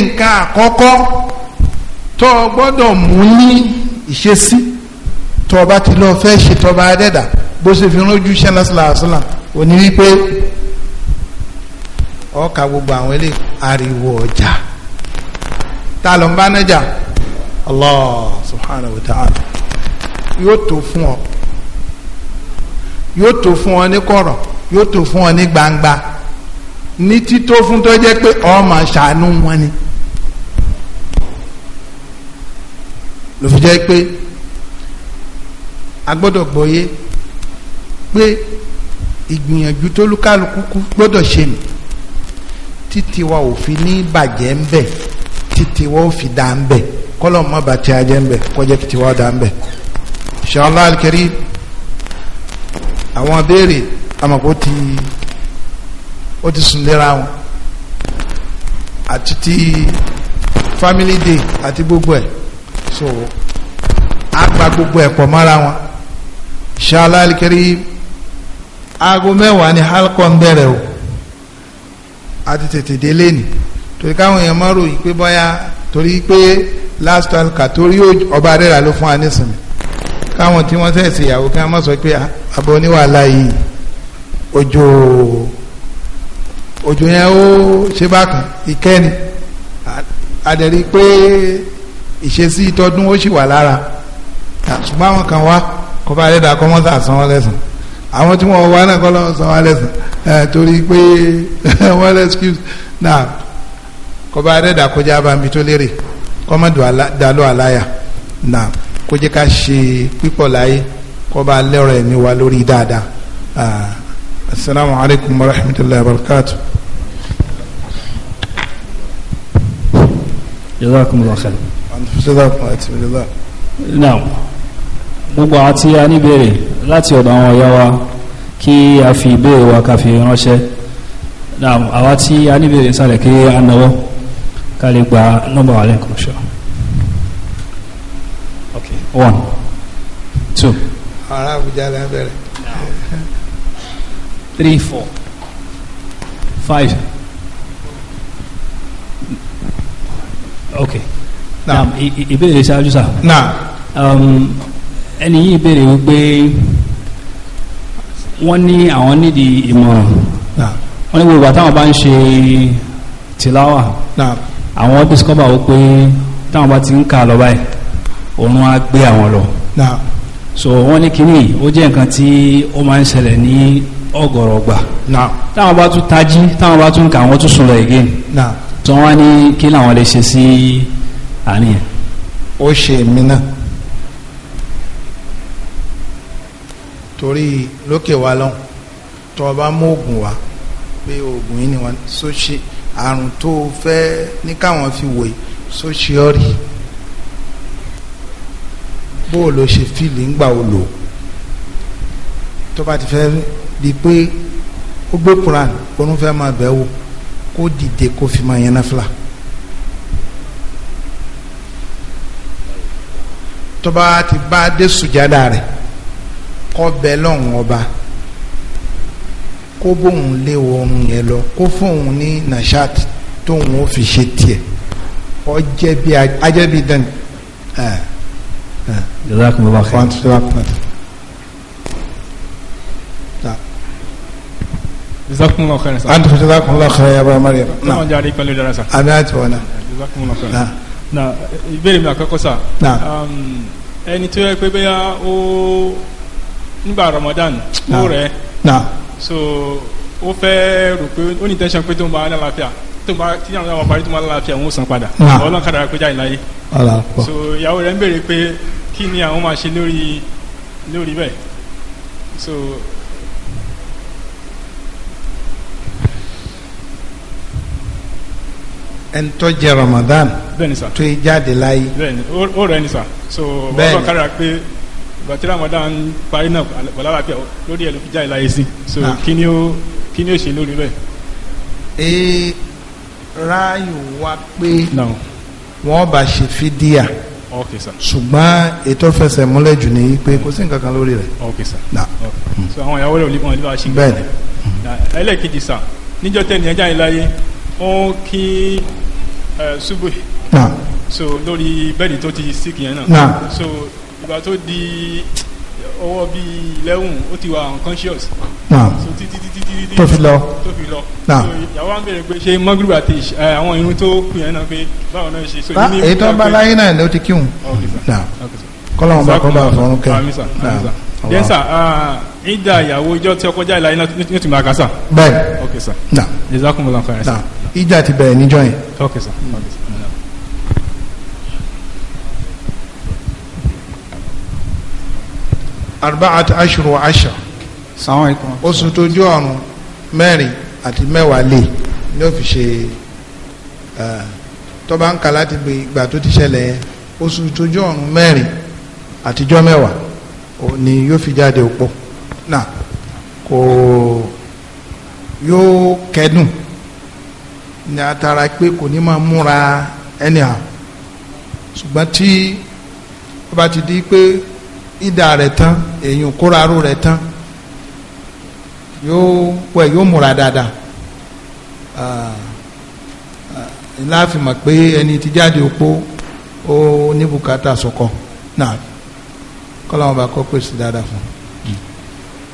nǹkan àkọ́kọ́ tó o gbọ́dọ̀ mú ní ìṣesí tó o bá ti lọ fẹ́ ṣe tó o bá dẹ́dà bó ṣe fi ránjú ṣẹlẹ̀ òní wípé ọkà gbogbo àwọn ilé ariwo ọjà ta ló ń bá nájà Allah subhanahu wa ta'ala yóò tó fún ọ yóò tó fún ọ ní kọ̀rọ̀ yóò tó fún ọ ní gbangba ní tító fún tó jẹ́ pé ọ ṣàánú wọn ni. ló fi jẹ́ pé a gbọ́dọ̀ gbọ́yé pé ìgbìyànjú tó lúkálùkù gbọ́dọ̀ ṣe mí títí wa ò fi ní bàjẹ́ ń bẹ̀ títí wa ò fi dá ń bẹ̀ kọ́lọ́ mọ́ bàtí ajẹ́ ń bẹ̀ kọjá títí wa dá ń bẹ̀. inshallah al àwọn béèrè amọ̀pọ̀ ti ó ti sùn lera wọn àti ti family day àti gbogbo ẹ̀ so a gba gbogbo ẹ̀ pọ̀ mọ́ra wọn ṣáàlá alikẹ́rí aago mẹ́wàá ni halkọ́ ń bẹ̀rẹ̀ o àti tètè délé ni torí káwọn èèyàn máa ròyìn pé bọ́yá torí pé last alka torí ọba rẹ̀ rà ló fún wa nísìnyí káwọn tí wọ́n sẹ̀ ṣèyàwó kí wọ́n má sọ pé ah àbọ̀ oníwàhálà yìí òjò òjò yẹn ó ṣe bákan ìkẹ́ni àdẹ̀rí pé ìṣesí ìtọ́dún ó sì wà lára ṣùgbọ́n àwọn kan wá kó bá rẹ̀ dà kọ́ mọ́tà san wọ́n lẹ́sàn àwọn tí wọ́n wá náà kọ́ lọ́wọ́ san wọ́n lẹ́sàn torí pé wọ́n lẹ́sìkúsì náà kó bá rẹ̀ dà kọjá abami tó lérè kọ́mọ́dù dàlọ́ àláyà náà kó ká ṣe pípọ̀ láyé kó bá lẹ́rọ ẹ̀mí wa lórí dáadáa asalaamualeykum wa rahmatulahi wa barakatu. jazakum allah khair. jazakum allah khair. now gbogbo àwọn tí a ní béèrè láti ọ̀dọ̀ àwọn ọ̀yá wa kí a fi ìbéèrè wa ká fi ránṣẹ́ now àwa tí a sálẹ̀ kí a náwó ká lè gba nọ́mbà wa lẹ́ẹ̀kan ṣọ́ okay one two. ará Àbújá la three four five okay naam ìbéèrè ṣáájú sá. naam. Um, ẹni yìí béèrè wípé wọ́n imoran àwọn nídìí ìmọ̀ràn wọ́n ní gbogbo àtàwọn bá ń ṣe tìláwà àwọn discover ta won ba ti ka kà lọ báyìí òun gbe awon àwọn lọ. so wọ́n ní kínní ó jẹ́ nǹkan tí ó máa ń ṣẹlẹ̀ ní ọgọ̀rọ̀ gbà. táwọn bá tún tají táwọn bá tún kà wọ́n tún sùn again. na wọ́n wá ní kí làwọn lè ṣe sí àárín yẹn. ó ṣe mí náà. torí lókè wa lọ́hùn tó o bá mú oògùn wá pé oògùn yìí ni wọ́n so ṣe àrùn tó o fẹ́ ní káwọn fi wòye so ṣe ọ́ rí i bó o lọ ṣe fíìlì ń gbà o lò tó bá ti fẹ́ di pé ó gbé Quran oorun fẹ́ máa bẹ̀ wò kó dìde kó fi máa yẹn náfìlà tó bá ti bá dé sùjádà rẹ̀ kọ́ bẹ lọ́hùn ọba kó bóun lé oorun yẹn lọ kó fóun ní nashat tóun ó fi ṣe tiẹ̀ ọ jẹ́ bí ajẹ́ bí dán Uh jazakumullahu khairan. jazakumullahu khairan sa. antum jazakumullahu khairan ya baba mariam. náà wọn jaari pẹ̀lú dara sa. àmì àti wọn na. jazakumullahu khairan. na ìbéèrè mi àkọ́kọ́ sa. na um, ẹni tó yẹ pé bẹ́ẹ̀ o nígbà ramadan ó rẹ̀. na so ó fẹ́ rò pé ó ní tẹ́sán pé tó ń bá tó bá tí àwọn àwọn parí tó máa láàfin àwọn òsàn padà ọlọ́run kàdàrà pé jáde láyé so ìyàwó rẹ̀ ń béèrè pé kí ni àwọn máa ṣe lórí lórí bẹ́ẹ̀ so. ẹni tó jẹ Ramadan tó yẹ jáde láyé. bẹ́ẹ̀ni o rẹ ni sa so ọlọ́run kàdàrà pé ìgbà Ramadan parí náà wàlá àlàáfíà lórí ẹ̀ ló fi jáde láyé sí so kí ni ó kí ni ó ṣe lórí bẹ́ẹ̀ ráàyò wá pé wọ́n bá ṣe fídíà ṣùgbọ́n ètò fẹsẹ̀ múlẹ̀ jù ní pé kò sí nǹkan kan lórí rẹ̀. sir hmm. so àwọn ìyàwó rẹ̀ ò lè mọ̀ nípa ṣì ń bẹ́ẹ̀ sà níjọ́ tẹ̀ nìyẹn jáde láyé ó kí ṣubú so lórí bẹ́ẹ̀dì tó ti sick yẹn náà so ìgbà tó di ọwọ́ bíi eleven ó ti wà unconscious so títí títí tó fi lọ. tó fi lọ. ìyàwó wa ń bèrè pé ṣé mọ́gìrì àti àwọn irun tó kù yẹn náà pé báwọn náà ṣe. èyí tó ń bá láyé náà ló ti kíhun. kọ́lọ́mù bá kọ́ bá fọ́nrún kẹ́. yẹn sà ìdá ìyàwó ìjọ tí ọkọ jáde láyé náà ní tìmọ̀ àkásà. bẹ́ẹ̀ ok sà. jazakumullahu khairan sà. ìjà ti bẹ̀rẹ̀ níjọ́ yẹn. ok sà. arba'at ashru wa ashra oṣù tójú ọ̀run mẹ́rin àti mẹ́wàá lè ní ó fi ṣe tó bá ń kà láti gbé ìgbà tó ti ṣẹlẹ̀ oṣù tójú ọ̀run mẹ́rin àtijọ́ mẹ́wàá ni yóò fi jáde òpó náà kò yóò kẹ́dùn ní atara pé kò ní máa múra anyhow ṣùgbọ́n tí ó bá ti di pé ìdá rẹ̀ tán èèyàn kóraró rẹ̀ tán yóò wẹ̀ yóò múra dáadáa ńlá fi mọ̀ pé ẹni tí jáde òpó ó ní bùkátà sọkọ náà kọ́lá wọn bá kọ́ pèsè dáadáa fún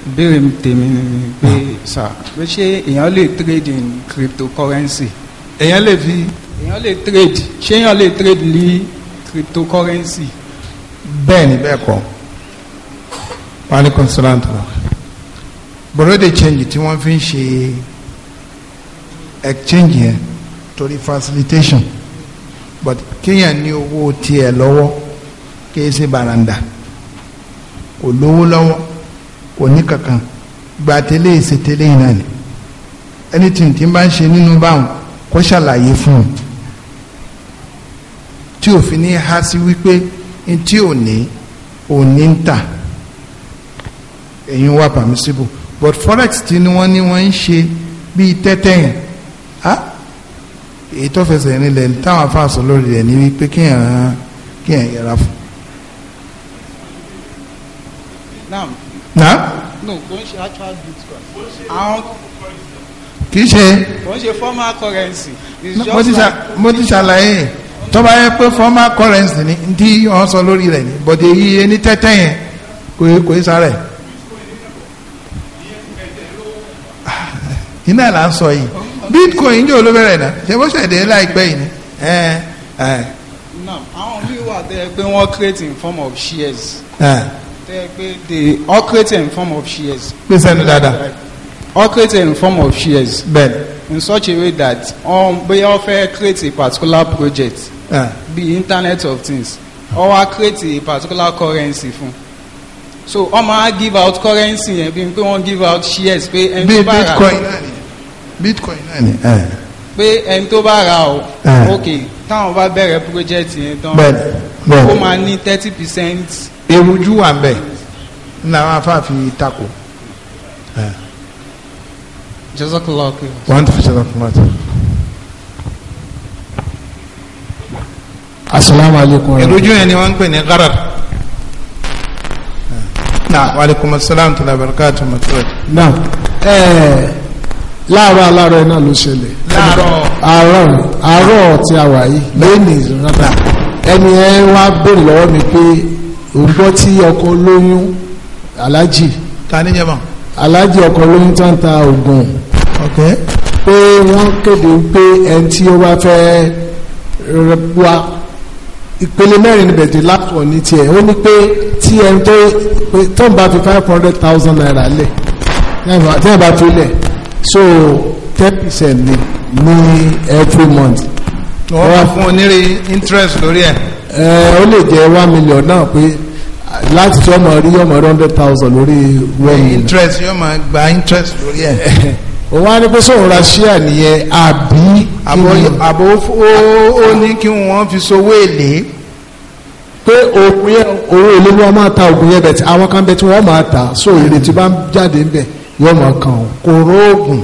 un béèrè tèmi ni pé sà pé ṣé èèyàn lè trade in cryptocurrency. èèyàn lè fi. èèyàn lè trade ṣé èèyàn lè trade ní cryptocurrency. bẹ́ẹ̀ ni bẹ́ẹ̀ kọ́ wàhálà consulant wa bọ̀rọ̀dẹ̀ change tí wọ́n fi ń ṣe exchange yẹn torí facilitation but kéèyàn ní owó tiẹ̀ lọ́wọ́ kéè ṣe baranda kò lówó lọ́wọ́ kò ní kankan gba tẹ́lẹ̀ ṣe tẹ́lẹ̀ yìí náà ni anything tí n bá ń ṣe nínú báwọn kó ṣàlàyé fún un tí òfin ní há sí wípé tí ò ní ò ní ń tà èyí wà pàmísíbù but forex tí ni wọ́n ní wọ́n ń ṣe bíi tẹ́tẹ́ yẹn èyí tó fẹsẹ̀ nílẹ̀ táwọn afáàsọ lórí rẹ̀ ní wípé kéèyàn kéèyàn yẹra fún. naam. naam. no kò actual bitcoin. àwọn kì í ṣe. kò ń ṣe formal currency. mo ti ṣàlàyé tó bá yẹ pé formal currency ni tí wọ́n sọ lórí rẹ̀ ni bọ̀dé yìí ẹni tẹ́tẹ́ yẹn kò é kò é sáré. iná là ń sọ yìí bitcoin yóò ló bẹ̀rẹ̀ náà ṣe bó ṣẹ̀dẹ̀ láìpẹ́ yìí ni. àwọn mi wà tẹ́ ẹ pé wọ́n create in form of shares. tẹ́ ẹ pé they all create in form of shares. pé sẹ́nu dáadáa. all create in form of shares. bẹ́ẹ̀ni. in such a way that um, bóyá wọ́n fẹ́ create a particular project. Uh. bí internet of things or wa create a particular currency fún so wọ́n máa give out currency yẹn bí pé wọ́n give out shares pé ẹni bitcoin náà ni bitcoin náà ni. Eh. pé ẹni tó bá ra o eh. ok táwọn bá bẹ̀rẹ̀ project yẹn tán ó máa ní thirty percent. èròjú wà ń bẹ̀ ní àwọn afáàfin tako. Eh. jazakallah kiri. wọ́n ti fi jazakallah kiri. asalaamu aleykum. èròjú yẹn ni wọ́n ń pè ní gharar. na wa aleykum asalaam tala barakatu matulẹ. na ẹẹ láàárọ̀ aláàárọ̀ iná ló ṣẹlẹ̀ àárọ̀ àárọ̀ tí a wà yìí lẹ́yìn ìrànlọ́ta ẹni ẹ wá béèrè lọ́wọ́ mi pé òǹgbọ́ tí ọkọ lóyún aláàjì aláàjì ọkọ lóyún tó ń ta oògùn pé wọ́n kéde pé ẹni tí ó bá fẹ́ wá ìpele mẹ́rin níbẹ̀ dé lápò ní tiẹ̀ ó ní pé tí ẹni tó ń bá fi five hundred thousand naira lẹ̀ tí ẹni bá fi lẹ̀ so ten percent ni ní every month. wọ́n wá fún onírè interest lórí ẹ̀. ẹ ó lè jẹ́ one million náà pé láti tí ọmọ rí ọmọ rí hundred thousand lórí wẹ́yìn. interest yóò máa gba interest lórí ẹ̀. òun á ní pé sóun ra ṣíà nìyẹn àbí. àbò àbò ó ní kí wọ́n fi sowó èlé pé òògùn yẹn owó èlé ni wọ́n máa ta òògùn yẹn bẹ̀ tí àwọn kan bẹ̀ tí wọ́n máa ta so èrè tí bá ń jáde ń bẹ̀ yóò máa kàn ó kò róògùn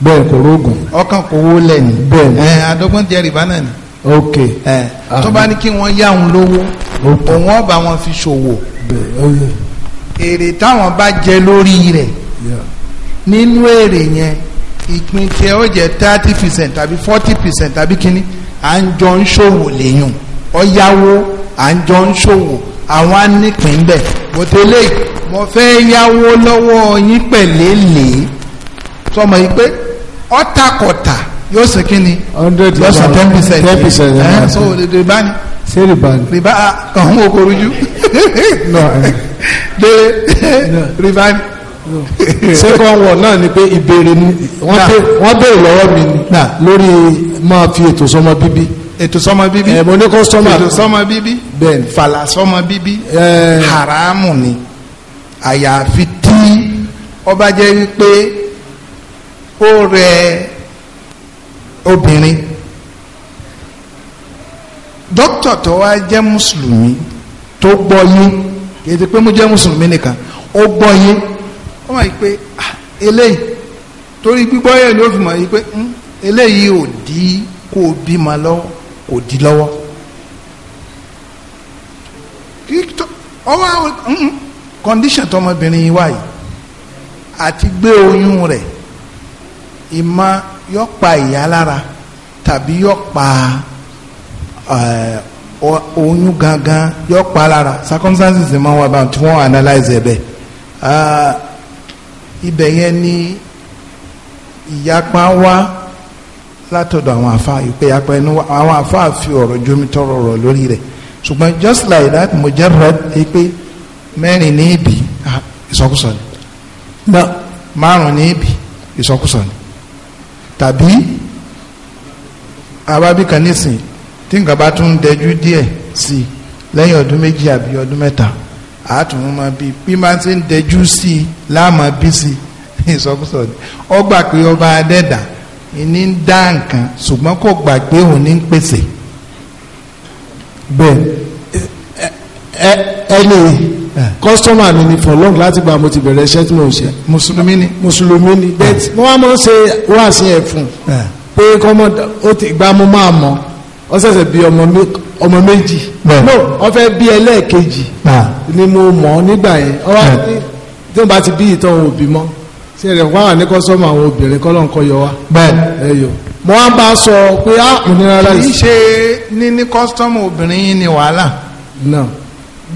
bẹ́ẹ̀ kò róògùn ọkàn kò wó ni bẹ́ẹ̀ ẹ adọ́gbọ́n jẹ rìbá náà ni. ok ẹ tó bá ní kí wọ́n yá òun lówó òun ọba wọn fi ṣòwò èrè táwọn bá jẹ lórí rẹ̀ nínú èrè yẹn ìpín tí ó jẹ thirty percent tàbí forty percent tàbí kínní à ń jọ ń ṣòwò lẹ́yìn ọ̀yáwó à ń jọ ń ṣòwò àwọn á nípìn bẹ́ẹ̀ bọ̀tẹ́lẹ̀ mo fẹ́ yáwó lọ́wọ́ yín pẹ̀lẹ́ lè sọmọ yìí pé ọ̀tàkọ̀tà yóò sì kí ni yóò sọ ten percent ten percent ẹ̀ so rìbá ni ṣé rìbá ni rìbá ọ̀hún okòrújú de rìbá ni second one náà ni pé ìbéèrè ni wọ́n béèrè lọ́wọ́ mi ni lórí máa fi ètò sọmọ bíbí ètò sọmọ bíbí ẹ mo ní kọ́sítọ́mà ètò sọmọ bíbí bẹ́ẹ̀ni fàlà sọmọ bíbí haramu ni àyàfi tí ọba jẹ́ wípé ó rẹ obìnrin dókítà tó wá jẹ́ mùsùlùmí tó gbọ́ yé kì í ti pé mo jẹ́ mùsùlùmí nìkan ó gbọ́ yé ó mọ̀ pé eléyìí torí gbígbọ́ yẹn ló fi mọ̀ yìí pé hmm, eléyìí ò dí kó bímọ lọ́wọ́ kò di lọ́wọ́ ọwọ́ kọ́ndíṣàn tọmọbìnrin yìí wáyìí àti gbé oyún rẹ̀ ìmọ̀ yọ pa ìyá lára tàbí yọ pa eh, oyún gangan yọ pa lára circumstances máa wà báyìí tí wọ́n analyze ẹ̀ bẹ́ẹ̀ ah, ibẹ̀ yẹn ni ìyapa wá látọ̀dọ̀ àwọn àfa ìpéyàpẹ́ inú àwọn àfa fi ọ̀rọ̀ jomi tọrọ ọ̀rọ̀ lórí rẹ̀ ṣùgbọ́n just like that mujarrad pé mẹ́rin ní ibì ah, ìsọkúsọ ni na márùn ní ibì ìsọkúsọ ni tàbí abábíkan nísìn tí nǹkan bá tún dẹjú díẹ̀ sí i lẹ́yìn ọdún méjì àbí ọdún mẹ́ta àtúnwó máa bí bí máa ti ń dẹjú sí i láàmú bí sí i ìsọkúsọ ni ọgbà pé ọba adẹ́dàá ní ń dá nǹkan ṣùgbọ́n kò gbàgbé òun ní ń pèsè bẹ́ẹ̀ ẹ ẹ lè kọ́sítọ́mà mi ni for long láti gba mo ti bẹ̀rẹ̀ iṣẹ́ tí mo ń ṣe. mùsùlùmí ni. mùsùlùmí ni bẹ́ẹ̀ mo wá máa ń ṣe wáàsí ẹ̀ fún un pé kọ́mọ ó ti gba mo máa mọ̀ ọ ṣẹ̀ṣẹ̀ bí ọmọ méjì no ọ fẹ́ bí ẹlẹ́ẹ̀kejì ni mo mọ̀ nígbà yẹn ọ wá ní tí wọ́n bá ti bí ìtàn òbí mọ́ ṣe rẹ̀ wá ní kọ́sọ́mù àwọn obìnrin kọ́lọ́ nǹkan yọ wá. bẹ́ẹ̀ ẹ yọ. mo wá bá a sọ pé ah, a kì í ṣe níní kọ́sọ́mù obìnrin yìí ni wàhálà. náà.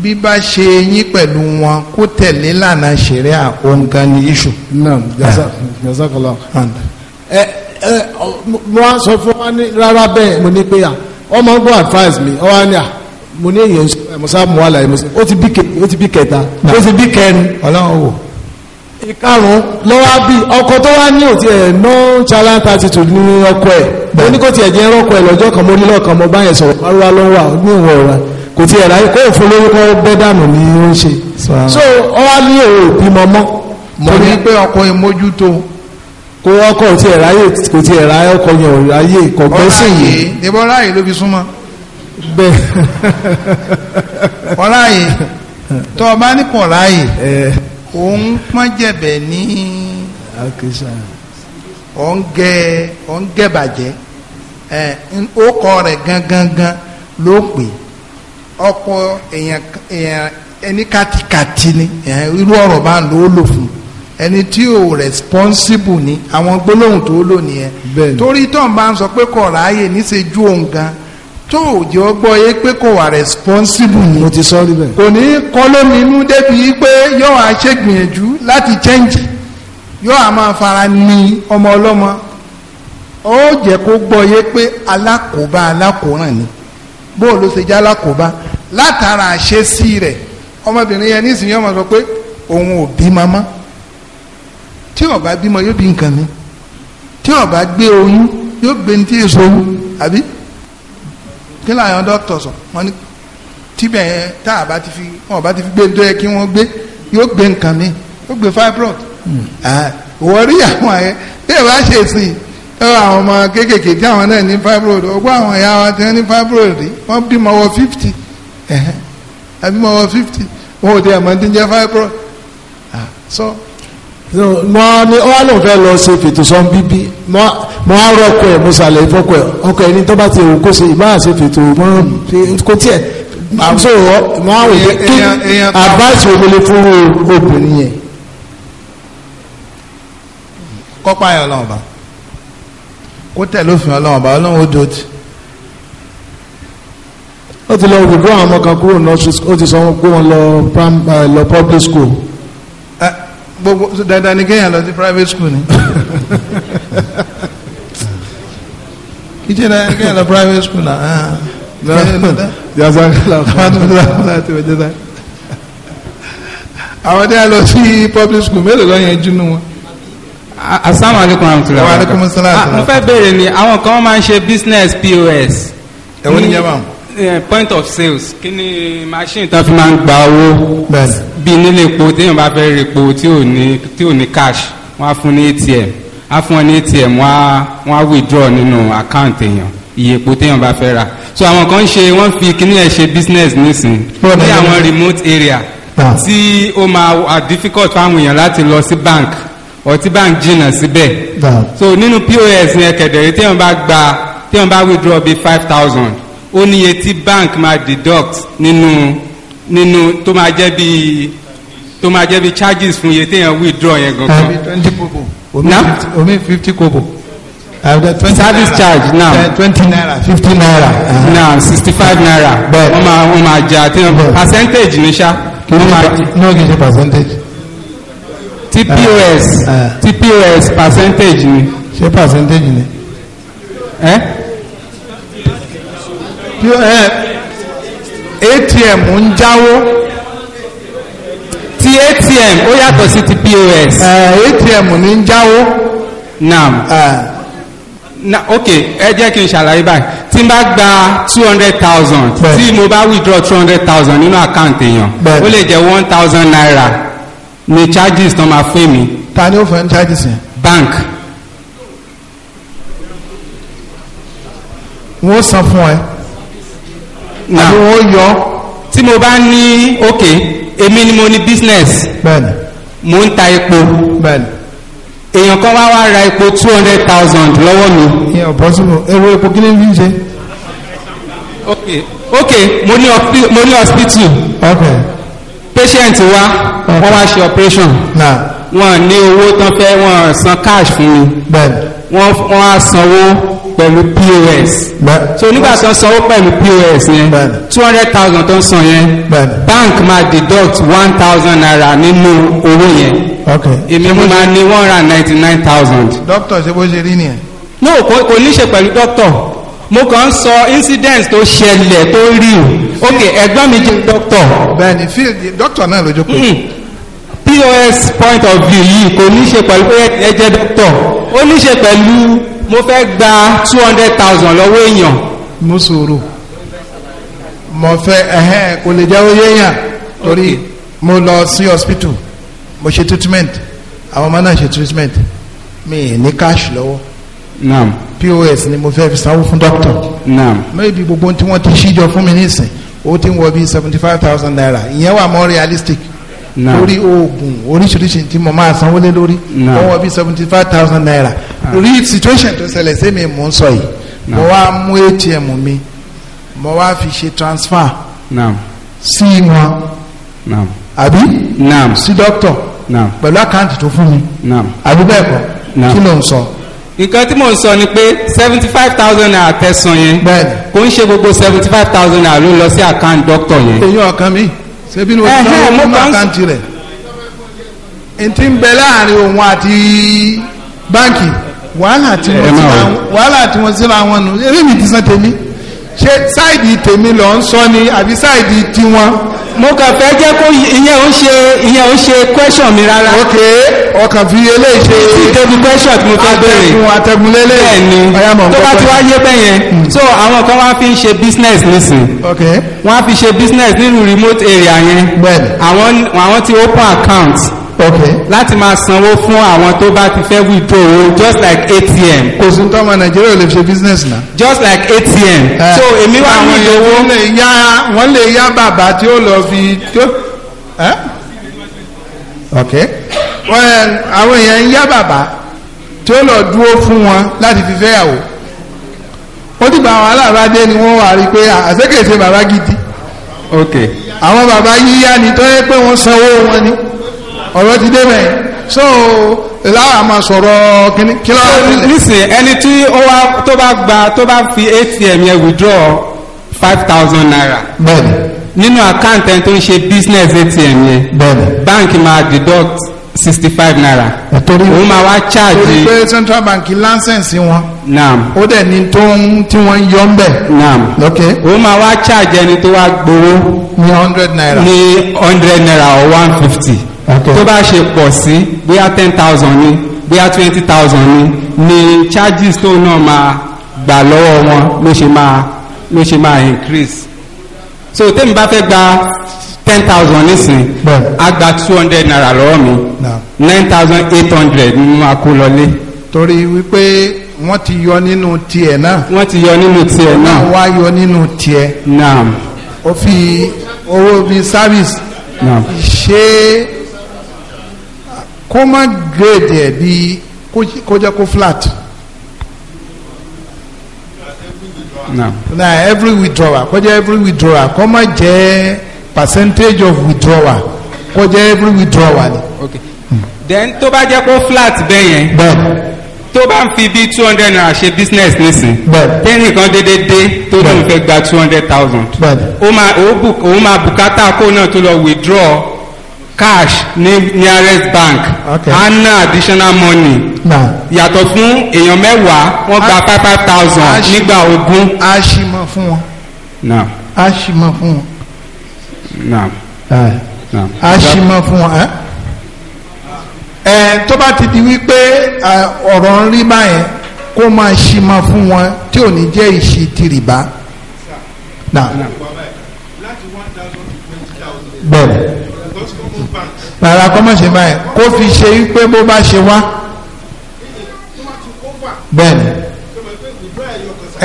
bí bá ṣe yín pẹ̀lú wọn kó tẹ̀lé lànà ṣeré àkóńgá ní iṣu. náà jazakallah. Ah. ẹ ẹ mo wá sọ fún wa ní rárá bẹ́ẹ̀ mo ní pé à ọmọ ń gbọ́ advice mi ọ wá ní à mo ní èèyàn musa muhala ó ti bí kẹta ó ti bí kẹrin. ọlọ́run wò. ìkarùn lọ́wọ́ bí ọkọ̀ tó wá ní òtí ẹ̀ no challenge attitude ní ọkọ̀ ẹ̀ oníkó ti ẹ̀jẹ̀ rọ́kọ̀ ẹ̀ lọ́jọ́ kan mo nílọ̀ kan mo sọ̀rọ̀ pariwa lọ́wọ́ ní ìwọ̀ kò kó òfin bẹ́ dànù ní ó ń ṣe so ọ wá ní òwe ìbímọ mọ́. mo ní pé ọkọ̀ yẹn kó ọkọ̀ ti ẹ̀rá kò ti ẹ̀rá ọkọ̀ òun pọ́n jẹ̀bẹ̀ ní àkísà òun gẹ òun gẹ bàjẹ́ ẹ ó kọ rẹ̀ gangan ló pè ọ̀pọ̀ èèyàn èèyàn ẹni kàtìkàtì ni irú ọ̀rọ̀ bá ń lò ó lò fún ẹni tí ò responsible ni àwọn gbólóhùn tó lò nìyẹn torí tó ń bá ń sọ pé kọ̀ ráàyè níṣẹ́jú òun gan tó òjò gbọ́ yé pé kò wà responsible. mo ti sọ rí bẹ́ẹ̀. kò ní kọ́ lómi inú débi pé yóò wá change yóò wá máa fara ni ọmọ ọlọ́mọ ó jẹ́ kó gbọ́ yé pé alákòóbá alákòóràn ni bó ló ṣe jẹ́ alákòóbá látara rẹ̀ ọmọbìnrin yẹn nísìnyí ọmọ sọ pé òun ò bí tí bá bímọ mi tí bá oyún yóò gbé ní tí kí làwọn dókítà sọ wọn ni tíbẹ̀ yẹn tá a bá ti fi wọn bá ti fi gbé nítorí kí wọ́n gbé yóò gbé nǹkan mi yóò gbé fibroid hmm. ah, wọ́n rí àwọn yẹn bí ẹ bá ṣe sí ẹ àwọn ọmọ kéékèèké tí àwọn náà ní fibroid ọgbọ́n àwọn ìyá wa ti ní fibroid rí wọ́n bímọ wọ fifty àbí mọ wọ fifty wọn ò dé àmọ́ ní jẹ́ fibroid ah, so wọ́n ní wọ́n lòun fẹ́ lọ ṣe fètò sọ́n bíbí mọ́ á rọ́ọ̀kọ́ ẹ̀ mọ́sàlẹ̀ ìfọ́kọ́ ẹ̀ ọkọ̀ ẹni tó bá ti òun kó ṣe ìmáà ṣe fètò kó tiẹ̀ so mọ́ á wò pé kí advice wo lè fún obìnrin yẹn. kọ́pá yẹn ọlọ́run bá kó tẹ̀ lófin ọlọ́run bá ọlọ́run ó dòtí. ó ti lọ gbogbo àwọn ọmọ kan kúrò nursery ó ti sọ wọn pé wọn lọ public school gbogbo dandan ni kéèyàn lọ sí private school ni kìí ṣe dandan ni kéèyàn lọ private school ah, ah. náà. àwọn tí a lọ sí public school mélòó lọ yẹn júnú wọn. asalaamu aleykum warahmatullahi wabarakatuh. Ah, mo fẹ́ bẹ̀rẹ̀ ni àwọn kan máa ń ṣe business POS. ẹ̀wọ́n ní jẹ́ báwọn. Eh, point of sales kí ni machine tó fi máa ń gba owó bí nílé epo téèyàn bá fẹ́ rí epo tí ò ní tí ò ní cash wọ́n á fún ní atm á fún ọ ní atm wọ́n á wọ́n á withdraw nínú account èèyàn iye epo téèyàn bá fẹ́ rà so àwọn kan ṣe wọ́n fi kíní ẹ̀ ṣe business nísìn ní àwọn remote area ah. tí ó máa ah, difficult fáwọn èèyàn láti lọ sí bank or tí bank jìnnà síbẹ̀ ah. so nínú pos yẹn kẹ̀dẹ̀rẹ́ téèyàn bá gba téèyàn bá withdraw bíi five thousand ó níye tí bank máa deduct nínú nínú tó máa jẹ́ bí tó máa jẹ́ bí charges fún iye téèyàn withdraw yẹn gangan. àbí twenty kobo omi fifty kobo. service charge now twenty naira fifty naira. Uh-huh. now sixty five naira wọ́n máa wọ́n máa jà téèyàn percentage ní ṣá. kì í no kì ṣe percentage. TPOS uh, uh. TPOS percentage ni. ṣé percentage ni. Eh? atm ń jáwó ti atm ó yàtọ̀ sí ti pos. atm ní ń jáwó. naam na ok ẹ jẹ́ kí n ṣàlàyé báyìí tí n bá gba two hundred thousand tí mo bá withdraw two hundred thousand nínú àkáǹtì èèyàn ó lè jẹ́ one thousand naira ni charges tán máa fún mi. ta ni ó fẹ́ ní charges yẹn. bank. wọ́n san fún ẹ àbí wọ́n yọ. tí mo bá ní òkè èmi ni mo ní business. bẹ́ẹ̀ni. mo ń ta epo. bẹ́ẹ̀ni. èèyàn kan wá wá ra epo two hundred thousand lọ́wọ́ mi. ìyẹn ọ̀pọ̀sùnmù èrò epo kí ni ń ṣe. ok ok mo ní mo ní hospital. ok. patient wa wọ́n wá ṣe operation. na. wọ́n ní owó tán fẹ́ wọ́n san cash fún mi. bẹ́ẹ̀ni. wọ́n wọ́n á sanwó pẹ̀lú pos so nígbà tó ń sanwó pẹ̀lú pos yẹn two hundred thousand tó ń san yẹn bank máa deduct one thousand naira nínú owó yẹn èmi mo máa ní one hundred ninety nine thousand. Doctor, ṣe bó ṣe rí nìyẹn. no kò ní ṣe pẹ̀lú dókítà mo kàn ń sọ incident tó ṣẹlẹ̀ tó rí o ok ẹ̀gbọ́n mi jẹ́ dókítà. bẹ́ẹ̀ni field dókítà náà ló jókòó. Hmm. pos point of view yìí kò ní ṣe pẹ̀lú ẹ jẹ́ dókítà ó ní ṣe pẹ̀lú mo fẹ́ gba two hundred thousand lọ́wọ́ èèyàn. mo sòrò mo fẹ́ ẹ̀hẹ́n kò lè jẹ́ oyè èèyàn torí mo lọ sí hospital mo ṣe treatment àwọn ọmọ náà ṣe treatment mi ní cash lọ́wọ́ naam pos ni mo fẹ́ fi sanwó fún doctor naam maybe gbogbo tí wọ́n ti ṣíjọ fún mi nísìn ó ti ń wọ bíi seventy five thousand naira ìyẹn wà more realistic naam lórí oògùn oríṣiríṣi tí mo máa sanwó lé lórí ó wọ bíi seventy five thousand naira Ah. rí situation tó ṣẹlẹ̀ sí mi mò ń sọ yìí mo ah. wá mú ATM mi mo wá fi ṣe transfer sí wọn àbí sí doctor pẹ̀lú àkáǹtì tó fún mi àbí bẹ́ẹ̀ kọ́ kí ló ń sọ nǹkan tí mò ń sọ ni pé seventy five thousand naira tẹ̀sán yẹn kò ń ṣe gbogbo seventy five thousand naira ló lọ sí àkáǹtì dọ́kítọ̀ yẹn. èyí ọ̀kan mi ṣebí ni o ti náwó nínú àkáǹtì rẹ̀ n ti ń bẹ láàrin òun àti báǹkì wàhálà tí wọ́n síra wàhálà tí wọ́n síra wọn nù eré mi ti san tèmi ṣé sáìdì tèmi lọ ń sọ ni àbí sáìdì tiwọn. mo kàn fẹ́ jẹ́ kó ìyẹn ò ṣe ìyẹn ò ṣe question mi rárá. ok ọkàn fi eléyìí ṣe. ti débi question tí mo fẹ́ béèrè atẹ́gùn atẹ́gùn lélẹ̀ bẹ́ẹ̀ni tó bá ti wá yé bẹ́ẹ̀ yẹn hmm. so àwọn kan wá fi ń ṣe business nísìn. ok wọ́n á fi ṣe business nínú remote area yẹn. bẹ́ẹ̀ni àwọn àwọn ti open account okay. láti máa sanwó fún àwọn tó bá ti fẹ́ withdraw owó just like atm. kò sí tọ́mọ nàìjíríà lè ṣe business na. just like atm. Uh, eh. so èmi wà ní ìdòwò. wọ́n lè yá wọ́n lè yá bàbá tí ó lọ fi tó. ok àwọn èèyàn ń yá bàbá tí ó lọ dúró fún wọn láti fi fẹ́yàwó ó ti gba àwọn aláàbádé ni wọ́n wà rí pé àṣekèsè bàbá gidi. ok àwọn bàbá yíyá ni tó pé wọ́n sanwó wọn ni ọ̀rọ̀ ti débẹ̀ so lára máa sọ̀rọ̀ kílá. nísìn ẹni tí ó wá tó bá gba tó bá fi atm yẹn withdraw five thousand naira. bẹ́ẹ̀ni. nínú account ẹni tó ń ṣe business atm yẹn. bẹ́ẹ̀ni. báńkì máa deduct sixty five naira. torí òun máa wá charge. torí pé central bank license wọn. naam. ó dẹ̀ ni tó ń tí wọ́n ń yọ ń bẹ̀. naam. ok. òun máa wá charge ẹni tó wá gbowó. ní hundred naira. ní hundred naira or one fifty tó bá ṣe pọ̀ sí bóyá ten thousand ni bóyá twenty thousand ni ni charges tó náà máa gbà lọ́wọ́ wọn ló ṣe máa ló ṣe máa increase so tèmi bá fẹ́ gba ten thousand nísìn a gba two hundred naira lọ́wọ́ mi nine thousand eight hundred ni mo máa kó lọlé. torí wípé wọ́n ti yọ nínú tiẹ̀ náà. wọ́n ti yọ nínú tiẹ̀ náà. wọ́n wá yọ nínú tiẹ̀. naam. ó fi owó bíi service. naam. ṣé kó má gírèdì ẹ̀ bí kó jẹ́ kó flat. na every withdrawal kó jẹ́ every withdrawal kó má jẹ́ percentage of withdrawal kó jẹ́ every withdrawal ni. okay then tó bá jẹ́ kó flat bẹ́ẹ̀ yẹn. bẹ́ẹ̀ tó bá ń fi bíi two hundred naira ṣe business nísìn tẹ́nì kan dédé dé tó lóun fẹ́ gba two hundred thousand ó máa bùkátà kó náà tó lọ withdraw cash ní nearest bank okay. and na additional money nah. yàtọ̀ fún èèyàn mẹ́wàá wọ́n gba five five thousand nígbà ogún. a ṣì mọ fún wọn. na. a ṣì mọ fún wọn. na. a ṣì mọ fún wọn. ẹ tó bá ti di wípé ọ̀rọ̀ ń rí báyẹn kó máa ṣì mọ fún wọn tí ò ní jẹ́ ìṣe tìrìbá. na. bẹ́ẹ̀ rárá kọ́ mọ̀ ṣe báyìí kó fi ṣe wípé bó bá ṣe wá bẹ́ẹ̀ni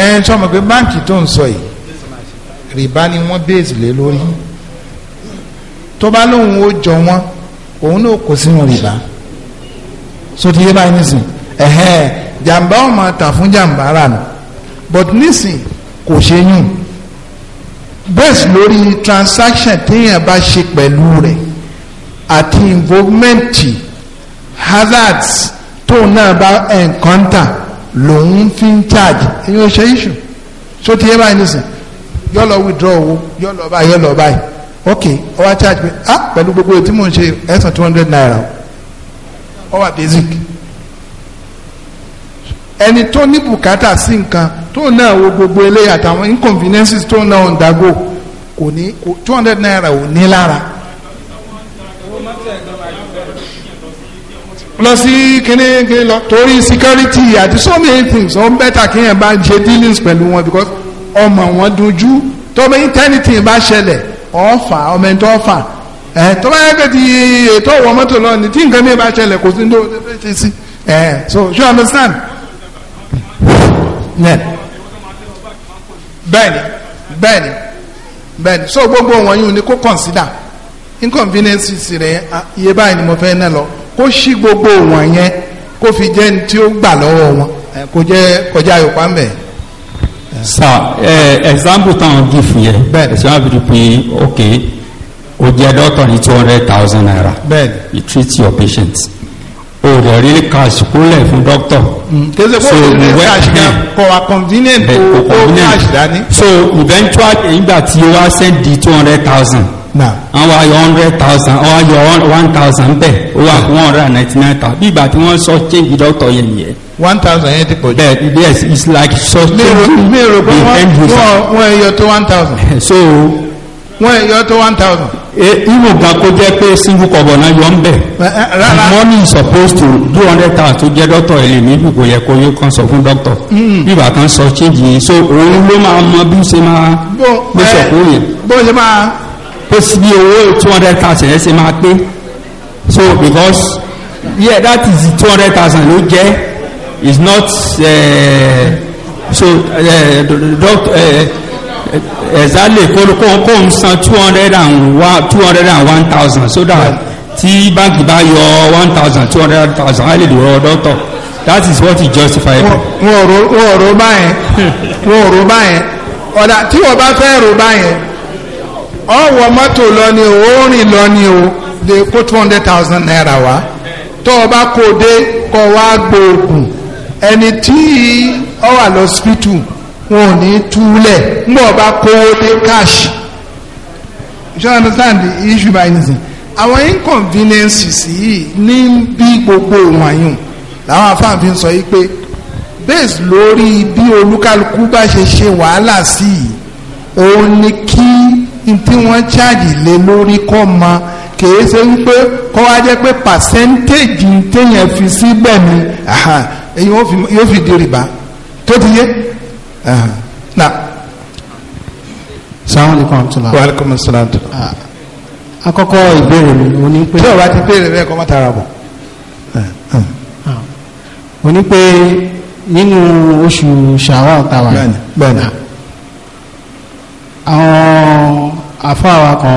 ẹn tí wọ́n mọ̀ pé báǹkì tó ń sọ yìí rìbá ni wọ́n bèèzì lé lórí tó bá lóun ó jọ wọn òun náà kò sínú rìbá so ti yé báyìí nísìn ẹ̀hẹ́n jàǹbá ò máa tà fún jàǹbá rà nù but nísìn kò ṣe yùn bẹ́ẹ̀ lórí transaction téèyàn bá ṣe pẹ̀lú rẹ̀ àti involvement hazards tóun náà bá encounter lòun fi ń charge ẹ̀yin ò ṣe issue so ti yẹ báyìí nísìn yọ lọ withdraw owó yọ lọ báyìí yọ lọ báyìí ok ọ wá charge pé ah pẹ̀lú gbogbo ètí mò ń ṣe ẹ̀sán two hundred naira ọ wà basic ẹni tó ní bùkátà sí nǹkan tó náà wo gbogbo eléyà àtàwọn inconveniences tó náà ń dago kò ní two hundred naira ò ní lára lọ sí kíní lọ torí security àti so many things ó bẹ́tà kí yẹn bá ṣe dealings pẹ̀lú wọn because ọmọ wọn dojú tọ́mọ anything bá ṣẹlẹ̀ ọ̀fà ọmọ ẹ̀ńtọ́ ọ̀fà ẹ̀ tọ́mọ ẹ̀ńtọ́ ti ètò ọ̀wọ́ mọ́tò lọ ní tí nǹkan mi bá ṣẹlẹ̀ kò sí ní tó ṣe sí ẹ̀ so you understand. bẹ́ẹ̀ni bẹ́ẹ̀ni bẹ́ẹ̀ni so gbogbo wọn yìí ni kò consider inconvenience. rẹ̀ iye báyìí ni mo fẹ́ ná lọ kó ṣí gbogbo wọn yẹn kó fi jẹ́ ní tí ó gbà lọ́wọ́ wọn kó jẹ́ kọjá yòókù àmì. sa example táwọn gí fún yẹ bẹ́ẹ̀ ẹsẹ wọn fi pé ok o jẹ dọ́tọ̀ ní two hundred thousand naira bẹ́ẹ̀ you treat your patient o rẹ̀ rí cash kúlẹ̀ fún doctor. Mm, kése kó o ní cash kan kò wá convenient kó o cash dání. so eventually nígbà tí o wá send di two hundred thousand àwọn ayọ̀ hundred thousand àwọn ayọ̀ one thousand bẹ́ẹ̀ ó wà one hundred and ninety nine thousand bí ìgbà tí wọ́n sọ change doctor yẹn nìyẹn one thousand yẹn ti pọ̀ jù. bẹ́ẹ̀ yes it's like so. mi ro mi ro pé wọ́n wọ́n yọ tó one thousand. so. wọ́n yọ tó one thousand. E, irú gan kó jẹ́ pé single kọ̀bọ̀ náà yọ ń bẹ̀. Eh, eh, rárá money is supposed to two hundred thousand tó jẹ́ dọ́tọ̀ ẹ̀lẹ́ mi kò yẹ kó yóò kàn sọ fún dọ́tọ̀. Mm. bíbà kan sọ change yìí so òun ló máa mọ bí ó ṣe máa. bó eh, ṣe máa ó sì bí owó two hundred thousand ẹ̀ ṣe máa pé so because yeah that is two hundred thousand ló jẹ́ is not uh, so uh, doctor uh, exactly kó kó ń san two hundred and one two hundred and one thousand so that tí báńkì bá yọ one thousand two hundred thousand á lè dòrò dọ́tọ̀ that is what is justifiable. wọn ò ro báyẹn wọn ò ro báyẹn ọ̀dà tí wọ́n bá fẹ́ ro báyẹn ọwọ́ mọ́tò lọ ni o ó lọ ni o lè kó two hundred thousand naira wá tó o bá kó o dé kó o wá gbòògùn ẹni tí ọ wà lọ sípítù wọn ò ní túlẹ̀ ń bọ̀ bá kó o dé cash you understand the issue by anything àwọn inconveniences yìí ní bí gbogbo wọ̀nyún làwọn afáàfin sọ yìí pé based lórí bí olúkálukú bá ṣe ṣe wàhálà sí i òun ni kí tí wọ́n ṣáàjì lé lórí kọ́ ma kìí ṣe wípé kọ́ wá jẹ́ pé pàṣẹ́ntéèjì téèyàn fi síbẹ̀ ni èyí yóò fi di rìbá tó ti yé. sàwọn lè kàn tó la. wàhálà kọ́mọ sọlá tó. àkọ́kọ́ ìbéèrè mi ò ní pé. tí o bá ti béèrè bẹ́ẹ̀ kọ́ má tara bọ̀. ò ah. ah. ní pé nínú oṣù ṣàwọn tàwa. bẹ́ẹ̀ni bẹ́ẹ̀ni. Ah. àwọn àfáàwà kan